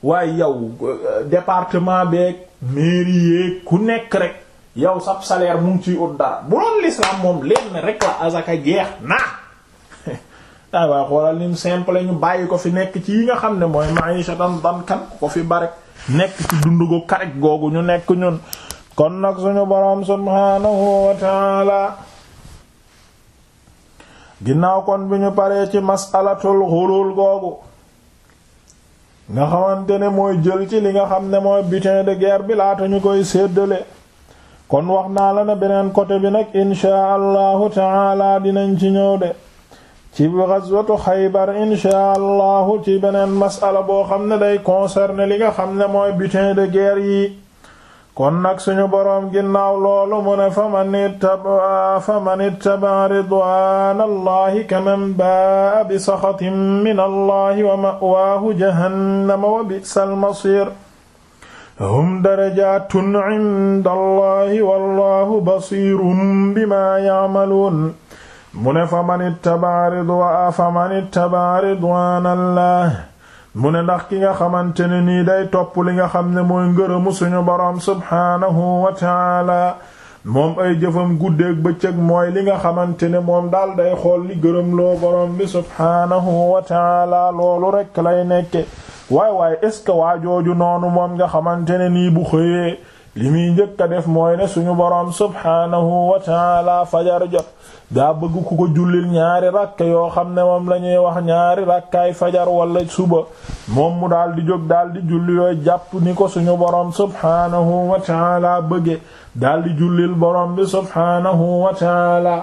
waaye yow euh, département beeg mairie yeeg ku nekk rek yow sab salaire mu ci ciy ut dara bu doon l'islam moom lenn rek la azaka jeex naa ay ah, waaye xoolal nim ñu bàyyi ko fi nekk ci yi nga xam ne mooy ma'ishatan dankan ko fi barek nekk ci dundu gu karek googu ñu nekk ñun kon nag suñu boroom subhanahu wa ginnaaw kon bi ñu paree ci masalatul xulul googu nga xamante ne mooy jël ci li nga xam ne mooy butin de guerre bi laata ñu koy séddale kon wax naa la na beneen côté bi nag inchaa allahu taala dinañ ci ñëw de ci ghazwatu xaybar inchaa allahu ci beneen masala boo xam ne day concerner li nga xam ne mooy butin de guerre yi kon nag suñu boroom ginnaaw loolu mu ne faman ittaba faman ittaba ridwaana allahi kaman baa bi saxatin min allahi wa ma'waahu jahannama wa bi'sal masiir hum darajaatun 'inda allahi wallahu basiirun bimaa ya'maluun mu ne faman ittaba ridwaana faman ittaba ridwaana allah mu ne ndax ki nga xamante ne nii day topp li nga xam ne mooy ngërëmu suñu boroom subhaanahu wa taala moom ay jëfam guddeeg bëccëg mooy li nga xamante ne moom daal day xool li gërëm loo boroom bi subhaanahu wa taala loolu rekk lay nekke waaye waaye est ce que waa jooju noonu moom nga xamante ne nii bu xëyee li muy njëkk def mooy ne suñu boroom subhaanahu wa taala fajar jot daa bëgg ko jullil ñaari rakk yoo xam ne moom la ñuy wax ñaari rakkaay fajar wala suba moom mu daal di jóg daal di julli yooyu jàpp ni ko suñu boroom subhaanahu wa taala bëgge daal di jullil boroom bi subhaanahu wa taala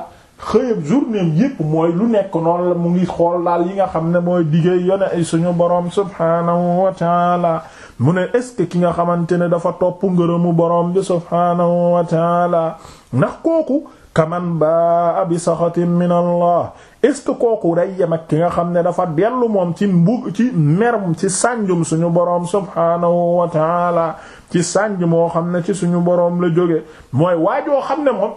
xëyab journéem mooy lu nekk noonu mu ngi xool daal yi nga xam ne mooy diggéey yone ay suñu boroom subhaanahu wa taala mu ne est ki nga xamante ne dafa topp ngërëmu borom bi subhaanahu wa taala ndax kooku kaman baa abi saxatin min allah est-ce que kooku day yem ki nga xam ne dafa dellu moom ci mbug ci merum ci sànjum suñu boroom subhaanahu wa taala ci sànj moo xam ne ci suñu borom la jóge mooy waajoo xam ne moom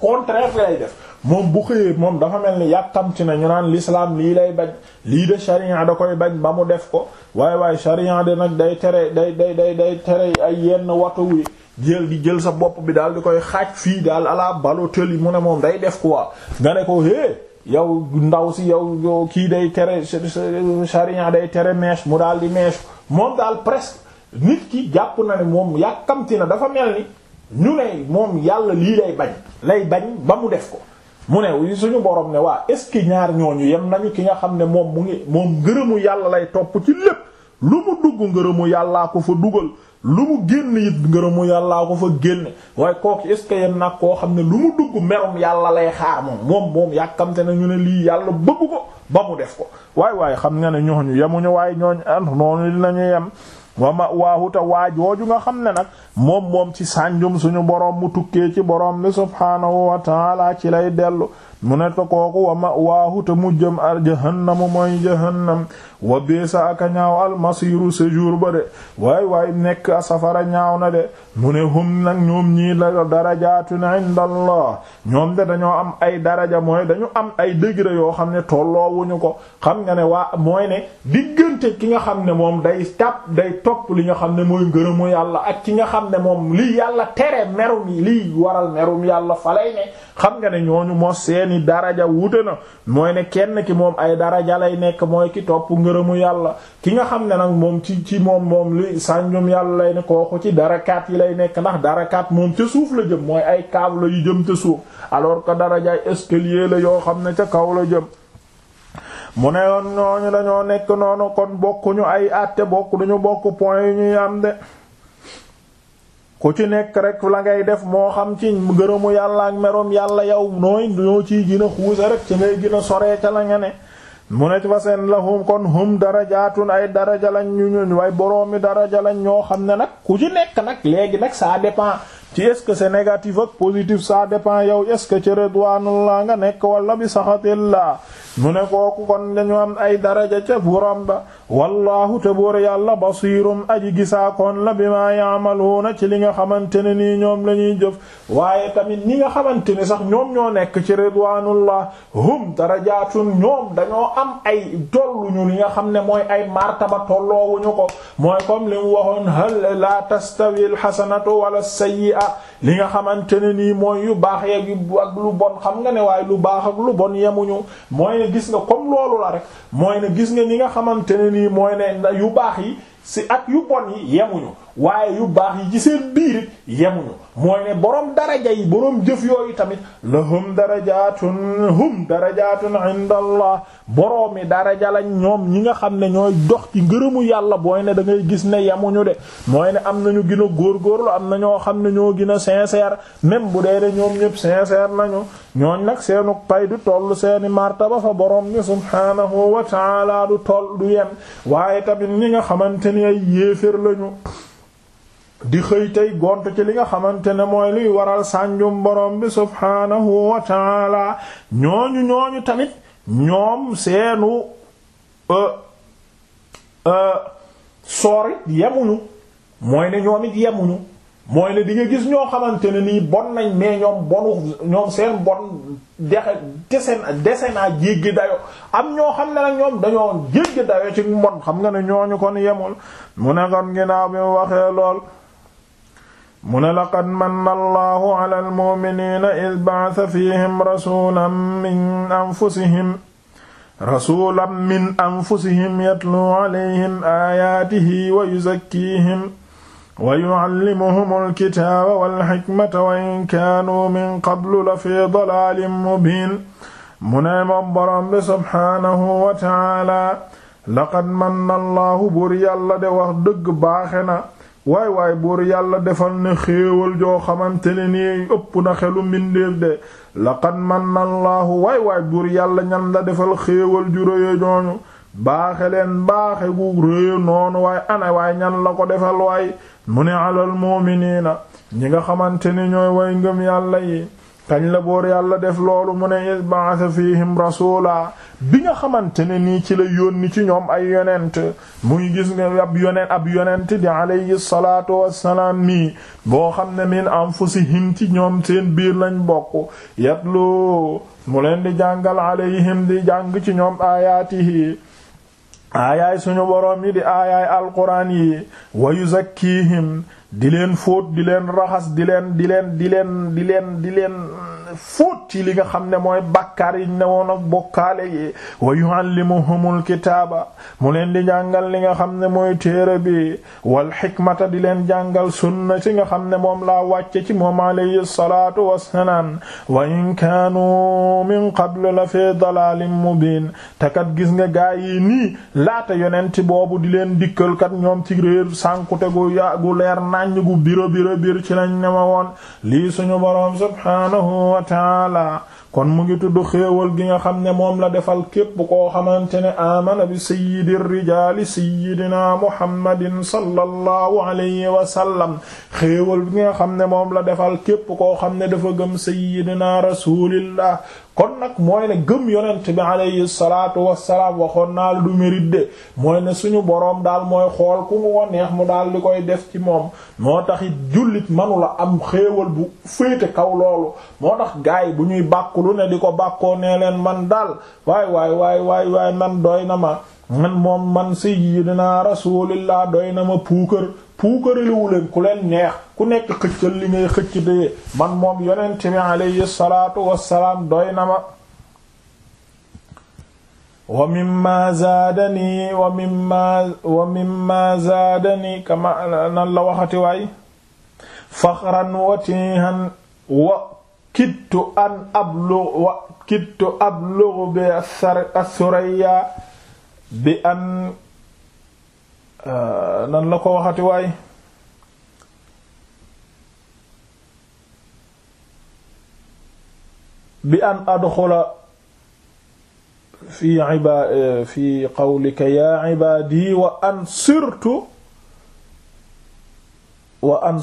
contraire lay def moom bu xëyee moom dafa mel ni yàkkamti na ñu naan l'islam lii lay bañ lii de sharia da koy bañ ba mu def ko waaye waaye sharia de nag day tere day day day day tere ay yenn watu wi jël di jël sa bopp bi daal di koy xaaj fii daal ala Balotelli mu ne moom day def ko waa nga ne ko hé yow ndaw si yow kii day tere sharia day tere mèche mu daal di mees moom daal presque nit ki jàpp na ne moom yàkkamti na dafa mel ni. ñu ne moom yàlla lii lay bañ lay bañ ba mu def ko mu ne suñu borom ne waa est ce que ñaar ñooñu yem nañu ki nga xam ne moom mu ngi moom ngërëmu yàlla lay topp ci lépp lu mu dugg ngërëmu yàllaa ko fa dugal lu mu it ngërëmu yàllaa ko fa génn waaye kooku est ce que yem nag koo xam ne lu mu dugg merum yàlla lay xaar moom moom moom yàkkamte na ñu ne lii yàlla bëgg ko ba mu def ko waaye waaye xam nga ne ñooñu yemuñu waaye ñooñu an ah, noonu dinañu yem wa ma waahuta waa jooju nga xam ne nag moom moom ci sànjum suñu boroom mu tukkee ci boroom bi subhaanahu wa taala ci lay dellu mu ne ta kooku wa ma waahuta mu jëm ar jahannamu mooy jahannam wa biisa aka ñaaw almasiru séjour ba de waay waay nekk a safara ñaaw na de mu ne hum nag ñoom ñii la darajaatun inda allah ñoom de dañoo am ay daraja mooy dañu am ay degré yoo xam ne tolloowuñu ko xam nga ne waa mooy ne diggante ki nga xam ne moom day tàpp day topp li nga xam ne mooy ngërëmu yàlla ak ki nga xam ne moom lii yàlla tere merum lii waral merum yàlla falay ne xam nga ne ñooñu moo seeni daraja wute na mooy ne kenn ki moom ay daraja lay nekk mooy ki topp ngërëmu yàlla ki nga xam ne nag moom ci ci moom moom li sànjum yàlla lay ne kooku ci darakaat yi lay nekk ndax darakaat moom ca suuf la jëm mooy ay kaaw la yu jëm ca suuf alors que daraja ay escalier la yoo xam ne ca kaw la jëm mu ne yoon ñooñu dañoo nekk noonu kon bokkuñu ay àtte bokk duñu bokk point yu ñu am de ku ci nekk rek la ngay def moo xam ci gërëmu yàlla ak merom yàlla yow nooy ñoo ciy gën a xuuse rek ci ngay gën a soree ca la nga ne mu ne fa seen lahum kon hum darajaatun ay daraja lañ ñu ñun way boroomi daraja lañ ñoo xam ne nag ku ci nekk nag léegi nag ça dépend ci est-ce que c'est négatif ak positif ça dépend yow est-ce que ci ridwaanullah nga nekk wala bi laa mu ne kooku kon dañu am ay daraja ca borom ba wallaahu te buur yàlla basiirum aji gisaakoon la bi maa na ci li nga xamante ne nii ñoom lañuy ñuy jëf waaye tamit ñi nga xamante ne sax ñoom ñoo nekk ci ridwaanullah hum darajaatun ñoom dañoo am ay tolluñu li nga xam ne mooy ay martaba tolloowuñu ko mooy comme li mu waxoon hal la tastawi alxasanatu wala sayyi'a li nga xamante ne nii mooy yu baax yeeg ak lu bon xam nga ne waaye lu baax ak lu bon yemuñu mooy gis nga comme loolu la rek mooy na gis nga ñi nga xamante ne nii mooy ne yu baax yi si ak yu bon yi yemuñu waaye yu baax yi ci seen biir yemuñu mooy ne boroom daraja yi borom jëf yooyu tamit lahum darajatun hum darajatun inda allah boroomi daraja lañ ñoom ñi nga xam ne ñooy dox ci ngërëmu yàlla booy ne da ngay gis ne yemuñu de mooy ne am nañu gën góor góorgóorlu am na ñoo xam ne ñoo gën a sincère même bu dee de ñoom ñëpp sincère nañu ñooñ nag seenu pay du toll seeni martaba fa borom ni subhanahu wa taala du toll du yem waaye di xëy tey gont ci li nga xamante ne mooy luy waral sànjum borom bi subhaanahu wa taala ñooñu ñooñu tamit ñoom seenu euh, euh, soor it yemuñu mooy ne ñoom it yemuñu mooy ne di nga gis ñoo xamante ne nii bon nañ mais ñoom bonu ñoom seen bon dexe dese dese naa jéggi dayo am ñoo xam ne nag ñoom dañoo jéggi dayo ci mbon xam nga ne ñooñu kon yemul mu ne kon ginnaaw bi mu waxee lool mu ne laqad manna allahu ala almu'minina id ba'atha fihim rasulan min anfusihim rasulan min anfusihim yatluu alayhim aayaatihi wa yuzakkiihim wa yu'allimuhumul kitaaba wal hikmata wa in kaanuu min qablu la fii dalaalin mubiin mu ne moom boroom bi subhaanahu wa ta'aala laqad manna allahu buur yàlla de wax dëgg baaxe na waay waay buur yàlla defal na xéewal joo xamante ne nii ëpp na xelu mbindeef de man manna allahu waay waay buur yàlla ñan la defal xéewal ju réye ñooñu baaxe leen baaxe gu réye noonu waay ana waay ñan la ko defal waay mu ne alal mu'minina ñi nga xamante ne ñooy way ngëm yàlla yi kañ la boor yàlla def loolu mu ne is ba'atha fihim bi nga xamante ne nii ci la yónni ci ñoom ay yonent muy gis nga ab yonent ab yonent di alayhi salaatu wassalaam nii boo xam ne min anfusihim ci ñoom seen biir lañ bokk yatlu mu leen di jàngal alayhim di jàng ci ñoom aayaatihi aayaay suñu boroom yi di aayaay alquran yi wa yuzakkihim di leen fóot di leen raxas di leen di leen di leen di leen di leen ci li nga xam ne mooy bàkkaar yi ne woon ak bokkaale yi wa yuallimuhumul kitaaba mu leen di jàngal li nga xam ne mooy téere bi wa xikmata di leen jàngal sunna ci nga xam ne moom laa wàcce ci moom alayhi salaatu wassalaam wa in kaanu min qablu la fi dalaalin mubiin te kat gis nga gaa yi nii laata yonenti boobu di leen dikkal kat ñoom ci réer sànkute gu ya gu leer nañ ŋàññ gu biro biro bir ci lañ ne ma woon lii suñu boroom subhaanahu wa taala kon mu ngi tudd xéewal gi nga xam ne moom la defal képp koo xamante ne aamana bi sayyidir rijaali sayyidina muhammadin sallallahu alayhi wa sallam xéewal gi nga xam ne moom la defal képp koo xam ne dafa gëm sayyidina rasulillah kon nag mooy ne gëm yonent bi alayhi salaatu wassalaam waxoon naa lu du mérite de mooy ne suñu boroom daal mooy xool ku mu ko neex mu daal di koy def ci moom moo tax it jullit la am xéewal bu féete kaw loolu moo tax gaay bu ñuy bàkku lu ne di ko bàkkoo nee leen man daal waaye waaye waaye waay waay man doy na ma man moom man sayyidina rasulillah doy na ma puukër puukarelewu leen ku leen neex ku nekk xëccal li ngay xëcc de man moom yonent bi alayhi salaatu wassalaam doy na wa mimma zaadani wa mimma wa mimma zaadani kama nan la waxati waay faxran watihan wa kittu an ablugh wa kittu ablugh bi as-suraya bi an Euh, nan la ko waxati waay bi an adxula fi ibaa euh, fi qawlika ya ibaadi wa an sirtu wa an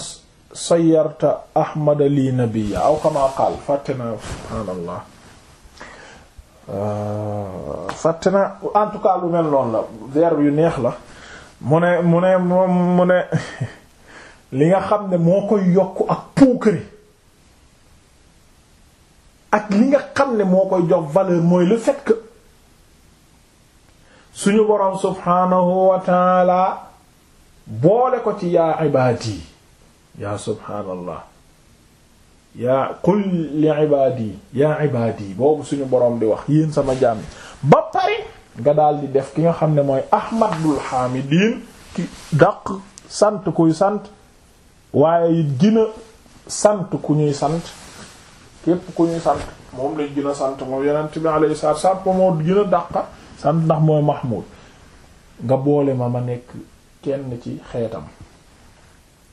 sayarta ahmada li nabiyya aw kama qaal fàtte naa subhaanallah euh, fàtte naa en tout cas lu mel noonu la verbe yu neex la mu ne mu ne moom mu ne li nga xam ne moo koy yokk ak puukare ak li nga xam ne moo koy jox valeur mooy le fait que suñu boroom subhaanahu wa taala boole ko ci yaa ibaadi yaa subhaanallah yaa qul li ibaadi yaa ibaadi boobu suñu borom di wax yéen sama jaam ba pare nga daal di def ki nga xam ne mooy ahmadul hamidin ki daq sant kuy sant waaye it gina sant ku ñuy sant képp ku ñuy sant moom lañ gën a sant moom yonent bi alayhi salaatu salaam moo gën a sant ndax mooy mahmud nga boole ma ma nekk kenn ci xeetam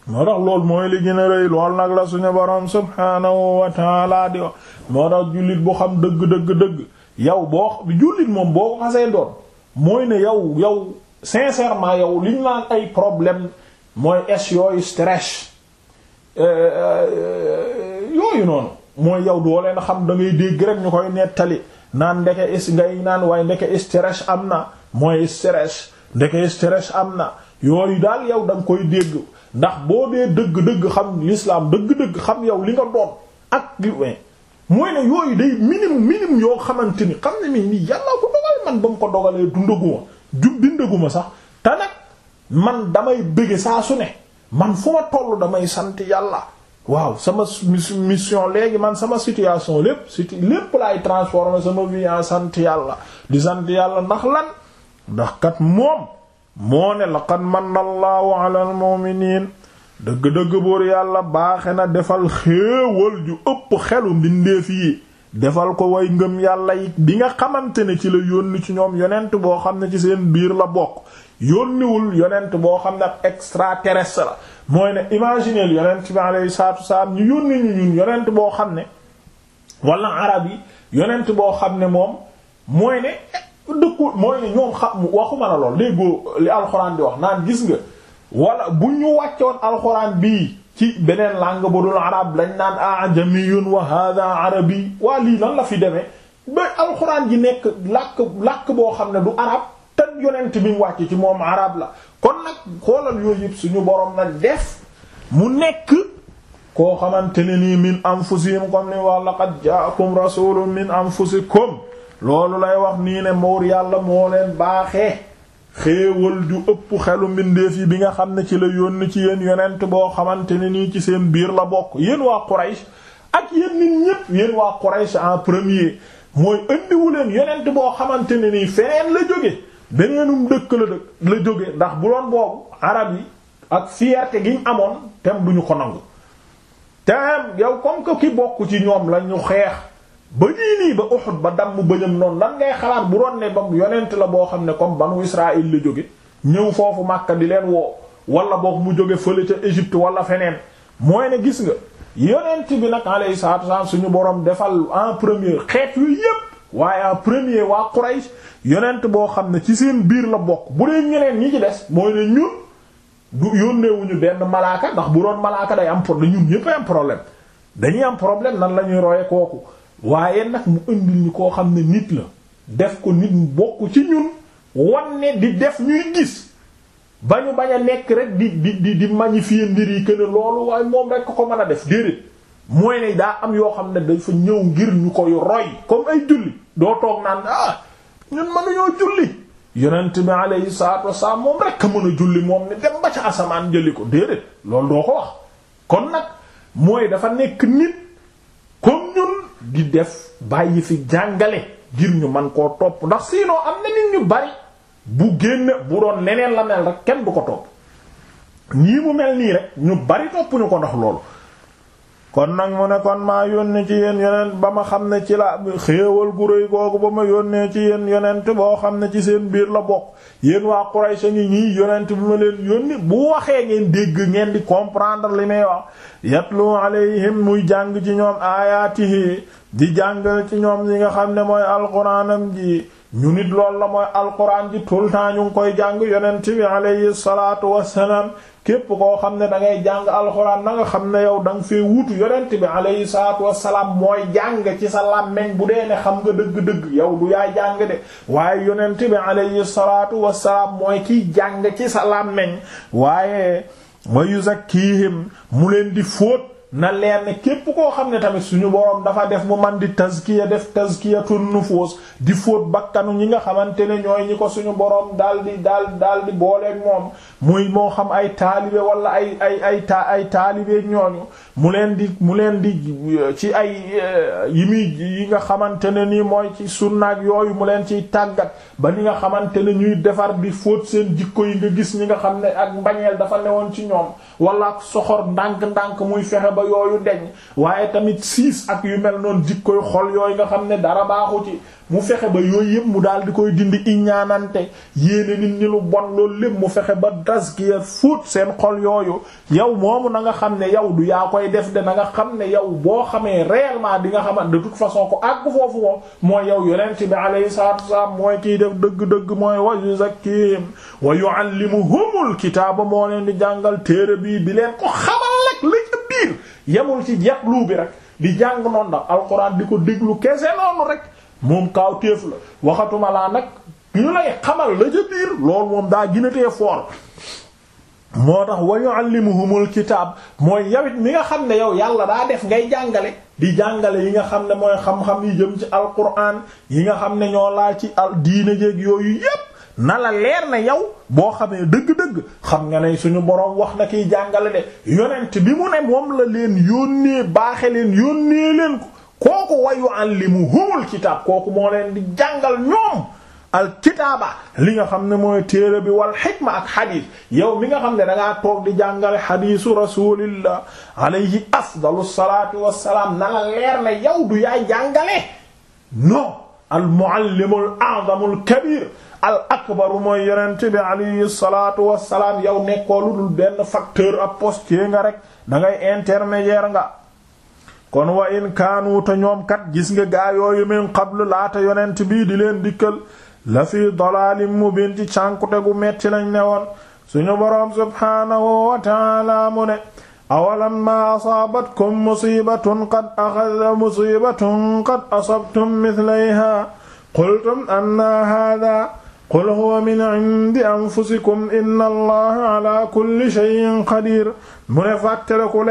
moo tax loolu mooy li gën a rëy lool nag la suñu borom subhaanahu wa taala di moo tax jullit bu xam dëgg dëgg dëgg yow boo jullit moom boo ko xasee doon mooy ne yow yow sincèrement yow li ñu naan ay problème mooy es yooyu stress euh, euh, yooyu noonu mooy yow doo na xam da ngay dégg rek ñu koy nettali naan ndeke is ngay naan waaye ndeke stress am na mooy stress ndeke stress am na yooyu daal yow da nga koy dégg ndax boo dee dëgg-dëgg xam l'islam dëgg-dëgg xam yow li nga doon ak mooy ne yooyu day minimum minimum yoo xamante ni xam ne mi ni yàlla ko dogal man ba mu ko dogalee dundaguma jub dindaguma sax te nag man damay bëgge saa su ne man fu ma toll damay sant yàlla waaw sama mission léegi man sama situation lépp situ lépp laay transformer sama vie en sant yàlla di sant yàlla ndax lan ndax kat moom moo ne laqad manna Allahu ala al dëgg-dëgg buur yàlla baaxe na defal xéewal ju ëpp xelu mbindeef yi defal ko way ngëm yàlla yi bi nga xamante ne ci la yónni ci ñoom yonent boo xam ne ci seen biir la bokk yónniwul yonent boo xam ne ab extraterrestre la mooy ne imagineel yonent ci alayhi salaatu wasalaam ñu yónni ñu ñun yonent boo xam ne wala arab yi yonent boo xam ne moom mooy ne dëkku mooy ne ñoom xam waxuma la lool léegoo li alxuraan di wax naan gis nga wala bu ñu wàccoon alxuraan bii ci beneen langue bu dul arab lañ naan ajamiyun wa hada arabi waa lii lan la fi demee ba alxuraan ji nekk làkk làkk boo xam ne du arab te yonent bi wàcc ci moom arab la kon nag xoolal yooyu yëpp suñu borom nag def mu nekk koo xamante ni nii min anfusihim comme ni wa laqad jaakum rasulun min anfusikum loolu lay wax nii ne moor yàlla moo leen baaxee xéewal ju ëpp xelu mbindeef yi bi nga xam ne ci la yónni ci yéen yonent boo xamante ne nii ci seen biir la bokk yéen waa Quraysh ak yéen nit ñépp yéen waa Quraysh en premier mooy indiwu leen yonent boo xamante ne nii feneen la jóge beneenum dëkk la dëkk la jóge ndax bu doon boobu arab yi ak fierté gi amoon tem duñu ko nangu tem yow comme que ki bokk ci ñoom la ñu xeex ba nii nii ba Uhud ba damm bëñam noonu lan ngay xalaat bu doon ne ba yonent la boo xam ne comme banu Israël la jóge ñëw foofu Makka di leen woo wala boog mu jóge fële ca Égypte wala feneen mooy ne gis nga yonent bi nag alayhi salaatu wasallam suñu borom defal en premier xeet yu yépp waaye premier waa Quraysh yonent boo xam ne ci seen biir la bokk bu dee ñeneen ñi ci des mooy ne ñun du yónneewuñu benn malaaka ndax bu doon malaaka day am problème ñun ñépp ay problème dañuy am problème nan la ñuy roye kooku. waaye nag mu indil ñu koo xam ne nit la def ko nit mu bokk ci ñun wanne di def ñuy gis ba ñu bañ a nekk rek di di di di magnifier mbir yi que ne loolu waaye moom rek ko mën a def déedéet mooy ne daa am yoo xam ne dafa ñëw ngir ñu koy roy comme ay julli doo toog naan ah ñun mënuñoo julli yonent bi alayhi salaatu wasalaam moom rek a mën a julli moom ne dem ba ca asamaan jëli ko déedéet loolu doo ko wax kon nag mooy dafa nekk nit. comme ñun di def bàyyi fi jàngale ngir ñu man koo topp ndax sinon am na nit ñu bari bu génn bu doon leneen la mel rek kenn bu ko topp nii mu mel nii rek ñu bari topp ñu ko ndox loolu kon nag mu ne kon maa yónni ci yéen yonent ba ma xam ne ci laa xéewal gu réy googu ba ma yónnee ci yéen yonent boo xam ne ci seen biir la bokk yéen waa Quraysh ngi ñii yonent bi ma leen yónni bu waxee ngeen dégg ngeen di comprendre li may wax yatlu alayhim muy jàng ci ñoom aayaatihi di jàng ci ñoom yi nga xam ne mooy alxuraanam ji ñu nit lool la mooy alquran ji tout le temps ñu ngi koy jàng yonent bi alayhi salaatu wassalaam képp koo xam ne dangay ngay jàng alquran na nga xam ne yow da nga fee wutu yonent bi alayhi salaatu wassalaam mooy jàng ci sa làmmeñ bu dee ne xam nga dëgg-dëgg yow du yaay jàng de waaye yonent bi alayhi salaatu wassalaam mooy kiy jàng ci sa làmmeñ waaye wa yuzakkihim mu leen di fóot na leer ne képp koo xam ne tamit suñu boroom dafa def mu man di tazkiya def tazkiyatun nufuus di fóot bakkanu ñi nga xamante ne ñooy ñi ko suñu boroom daal di daal daal di booleeg moom muy moo xam ay taalibe wala ay ay ay ta ay taalibe ñooñu mu leen di mu leen di euh, ci ay euh, yi muy yi nga xamante ne nii mooy ci sunnaag yooyu mu leen ciy tàggat ba ni nga xamante ne ñuy defar bi fóot seen jikko yi nga gis ñi nga xam ne ak mbañeel dafa newoon ci ñoom wala soxor ndànk-ndànk muy fexe ba yooyu deñ waaye tamit siis ak yu mel noonu jikko yu xol yooyu nga xam ne dara baaxu ci mu fexe ba yooyu yëpp mu daal di koy dindi iñaanante yéene nit ñi lu bon loolu lépp mu fexe ba das taskiya fóot seen xol yooyu yow moomu na nga xam ne yow du yaa koy def de na nga xam ne yow boo xamee réellement di nga xamante de toute façon ko àgg foofu moom mooy yow yonent bi alayhi salaatu wasalaam mooy kiy def dëgg-dëgg mooy wa yuzakkihim wa yuallimuhumul kitaaba moo leen di jàngal téere bii di leen ko xamal rek la ca biir yemul ci yaqlu bi rek di jàng noonu da alxuraan kese noonu rek moom kaaw téef la waxatuma laa nag ñu lay xamal la ca biir loolu moom daa ginatee foor moo tax wa yuallimuhumul kitaab mooy yawit mi nga xam ne yow yàlla daa def ngay jàngale di jàngale yi nga xam ne mooy xam-xam yi jëm ci alquran yi nga xam ne ñoo laa ci al diine jéeg yooyu yépp na la leer na yow boo xamee dëgg-dëgg xam nga ne suñu boroom wax na kiy jàngale de yonent bi mu ne moom la leen yónnee baaxe leen yónnee leen ko kooku wa yuallimuhumul kitaab kooku moo di jàngal ñoom li nga xam ne mooy téere bi wal xikma ak xadiis yow mi nga xam ne da toog di jàngale xadiisu rasulillah alayhi afdalu salaatu wassalaam na la leer ne yow du yaay jàngale non al muallimu al a'zamu al mooy yonent bi alayhi salaatu wassalaam yow nekkoolu dul benn facteur a poste nga rek da ngay intermédiaire nga kon wa in kaanu te ñoom kat gis nga gaa yooyu min qablu laata yonent bii di leen dikkal la fi dalaalin mubin ci cànkute gu metti lañ ne woon suñu boroom subhaanahu wa taala mu ne awalamma asaabatkum musiibatun qad axada musiibatun qad asabtum mithlayha qultum anna haadaa qul huwa min indi anfusikum inna allaha ala kulli shay'in qadiir mu ne fàttaliku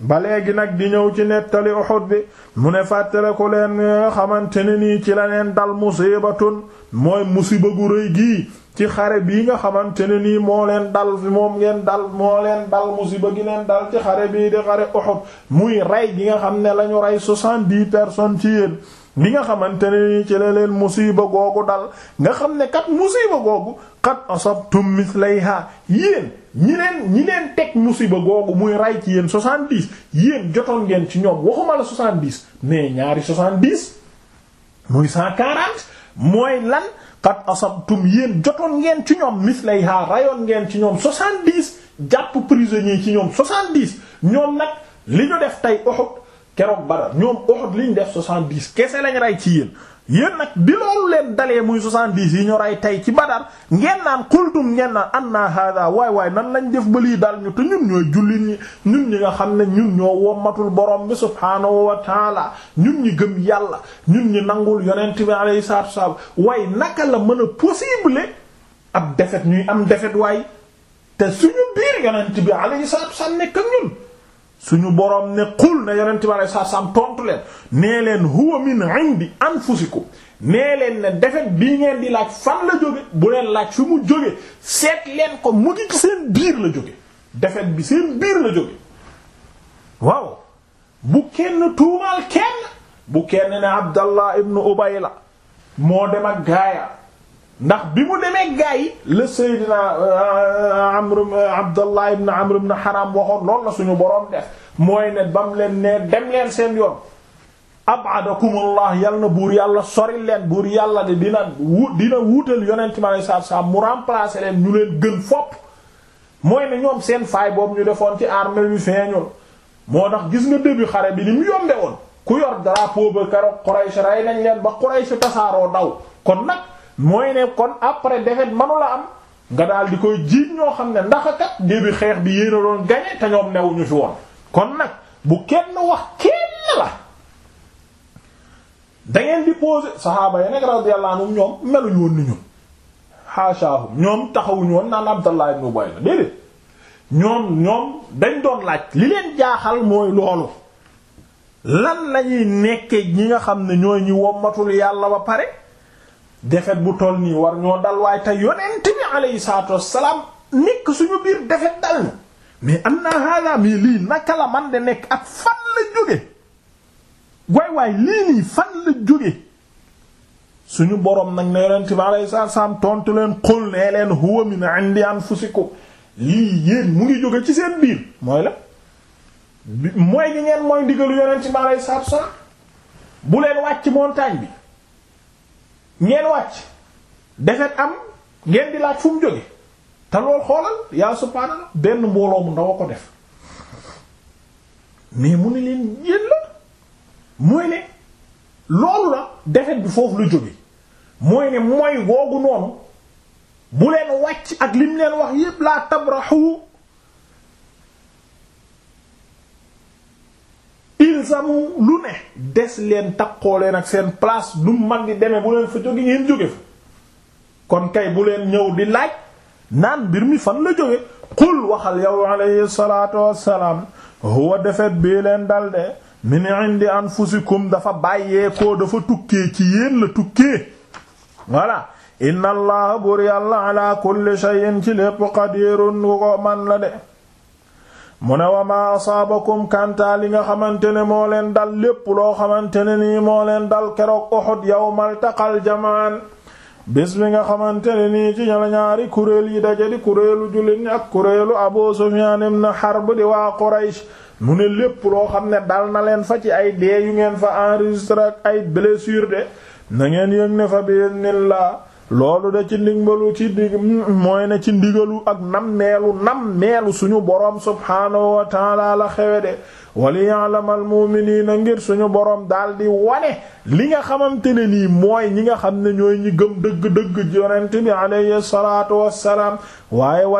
ba léegi nag di ñëw ci nettali Uhud bi mu ne fàttale ko leen xamante ne nii ci la leen dal musibatun mooy musiba gu rëy gii ci xare bii nga xamante ne nii moo leen dal fi moom ngeen dal moo leen dal musiba gi leen dal ci xare bii di xare Uhud muy rey gi nga xam ne la ñu rey soixante-dix personnes ci yéen li nga xamante ne nii ci la leen musiba googu dal nga xam ne kat musiba googu kat asabtum mislayha yéen ñi leen ñi leen teg musiba googu muy ray ci yéen soixante-dix yéen jotoon ngeen ci ñoom waxuma la soixante-dix mais ñaari soixante-dix muy cent quarante mooy lan qad asabtum yéen jotoon ngeen ci ñoom mislayha rayoon ngeen ci ñoom soixante-dix jàpp prisonnier ci ñoom soixante-dix ñoom nag li ñu def tey Uhud keroog Badar ñoom Uhud li ñu def soixante-dix kese lañ ray ci yéen yéen ak bi loolu leen dalee muy 70 yi ñu rey tey ci Badar ngeen naan xultum ngeen naan anna hada waay waaye nan lañ def ba lii dal ñu te ñun ñooy jullit ñi ñun ñi nga xam ne ñun ñoo wommatul borom bi subhaanahu wa taala ñun ñi gëm yàlla ñun ñi nangul yonent bi alayhi salaatu wassalaam waaye naka la mën a possible ab defet ñuy am defet waay te suñu biir yonent bi alayhi salaatu wassalaam nekk ak ñun suñu boroom ne xul ne yonent bi aleyhi salaatu salaam tontu leen nee leen huwa min indi ko nee leen ne defet bii ngeen di laaj fan la jóge bu leen laaj fi mu jóge seet leen ko mu ngi seen biir la jóge defet bi seen biir la jóge waaw bu kenn tuumaal kenn bu kenn ne Abdallah ibnu Ubay la moo dem ak gaaya ndax bi mu demee gaa yi la Seydina euh, Amr euh, Abdallah ibn Amr ibn Haram waxoon lool la suñu boroom def mooy ne bam leen ne dem leen seen yoon abadakumullah yal na buur yàlla sori leen buur yàlla de dina wu dina wuutal yonent mi alayhi salaatu salaam mu remplacer leen ñu leen gën fopp mooy ne ñoom seen faay boobu ñu defoon ci armée bi feeñul moo tax gis nga début xare bi ni mu yombe woon ku yor drapeau ba keroog Quraysh rey nañ leen ba Quraysh tasaaroo daw kon nag mooy ne kon après défaite manu la am nga daal di koy jiiñ ñoo xam ne ndax kat début xeex bi yéen a doon gagné te ñoom newuñu fi woon kon nag bu kenn wax kenn la da ngeen di poser saxaaba ya nag radiyallahu anhum ñoom meluñu woon ni ñun xaashaahum ñoom taxawuñu woon naan Abdallah ibn Ubay la déedéet ñoom ñoom dañ doon laaj li leen jaaxal mooy loolu lan lañuy nekke ñi nga xam ne ñooy ñi wommatul yàlla ba pare defet bu toll nii war ñoo dal waaye te yonent bi alayhi salaatu wassalaam nekk suñu biir defet dal na mais am na hada mais lii naka la man de nekk ak fan la jóge waay waay lii nii fan la jóge suñu boroom nag ne yonent bi alayhi salaatu wassalaam tontu leen xul nee leen huwa min indi anfusikum lii yéen mu ngi jóge ci seen biir mooy la mooy gi ngeen mooy ndigalu yonent bi alayhi salaatu wassalaam bu leen wàcc montagne bi ngeen wàcc defet am ngeen di laaj fu mu jóge te lool xoolal yaa subhaanallah benn mbooloo mu ndaw a ko def mais mu ne leen yéen la mooy ne loolu la defet bi foofu la jóge mooy ne mooy googu noonu bu leen wàcc ak lim leen wax yépp laa tabraxu ilzamu lu ne des leen takkoo leen ak seen place lu man di bu leen fa jóge ngeen jóge fa kon kay bu leen ñëw di laaj naan mbir mi fan la jóge qul waxal yow alayhi salaatu wassalaam huwa defet bii leen dal de min indi anfusikum dafa bàyyeekoo dafa tukkee ci yéen la tukkee voilà inna allaha bur yàlla kulli shay'in ci lépp qadirun ko man la de mu ne wa ma asaabakum kantaa li nga xamante ne moo leen dal lépp loo xamante ne nii moo leen dal keroog Uhud yawmal taqal jamaan bés bi nga xamante ne nii ci ñala ñaari kuréel yi daje di kuréelu jullit ñi ak kuréelu Abu Sufyaan ibn Harb di waa Quraysh mu ne lépp loo xam ne dal na leen fa ci ay dee yu ngeen fa enregistré ak ay blessure de na ngeen yëg ne fa bi idnillah loolu de ci ndimbalu ci dig mooy ne ci ndigalu ak nam meelu nam meelu suñu boroom subhaanahu wa taala la xewe de wali ya'lamal mu'minina ngir suñu boroom daal di wane li nga xamante ne nii mooy ñi nga xam ne ñooy ñi gëm dëgg-dëgg yonent bi alayhi salaatu wassalaam waaye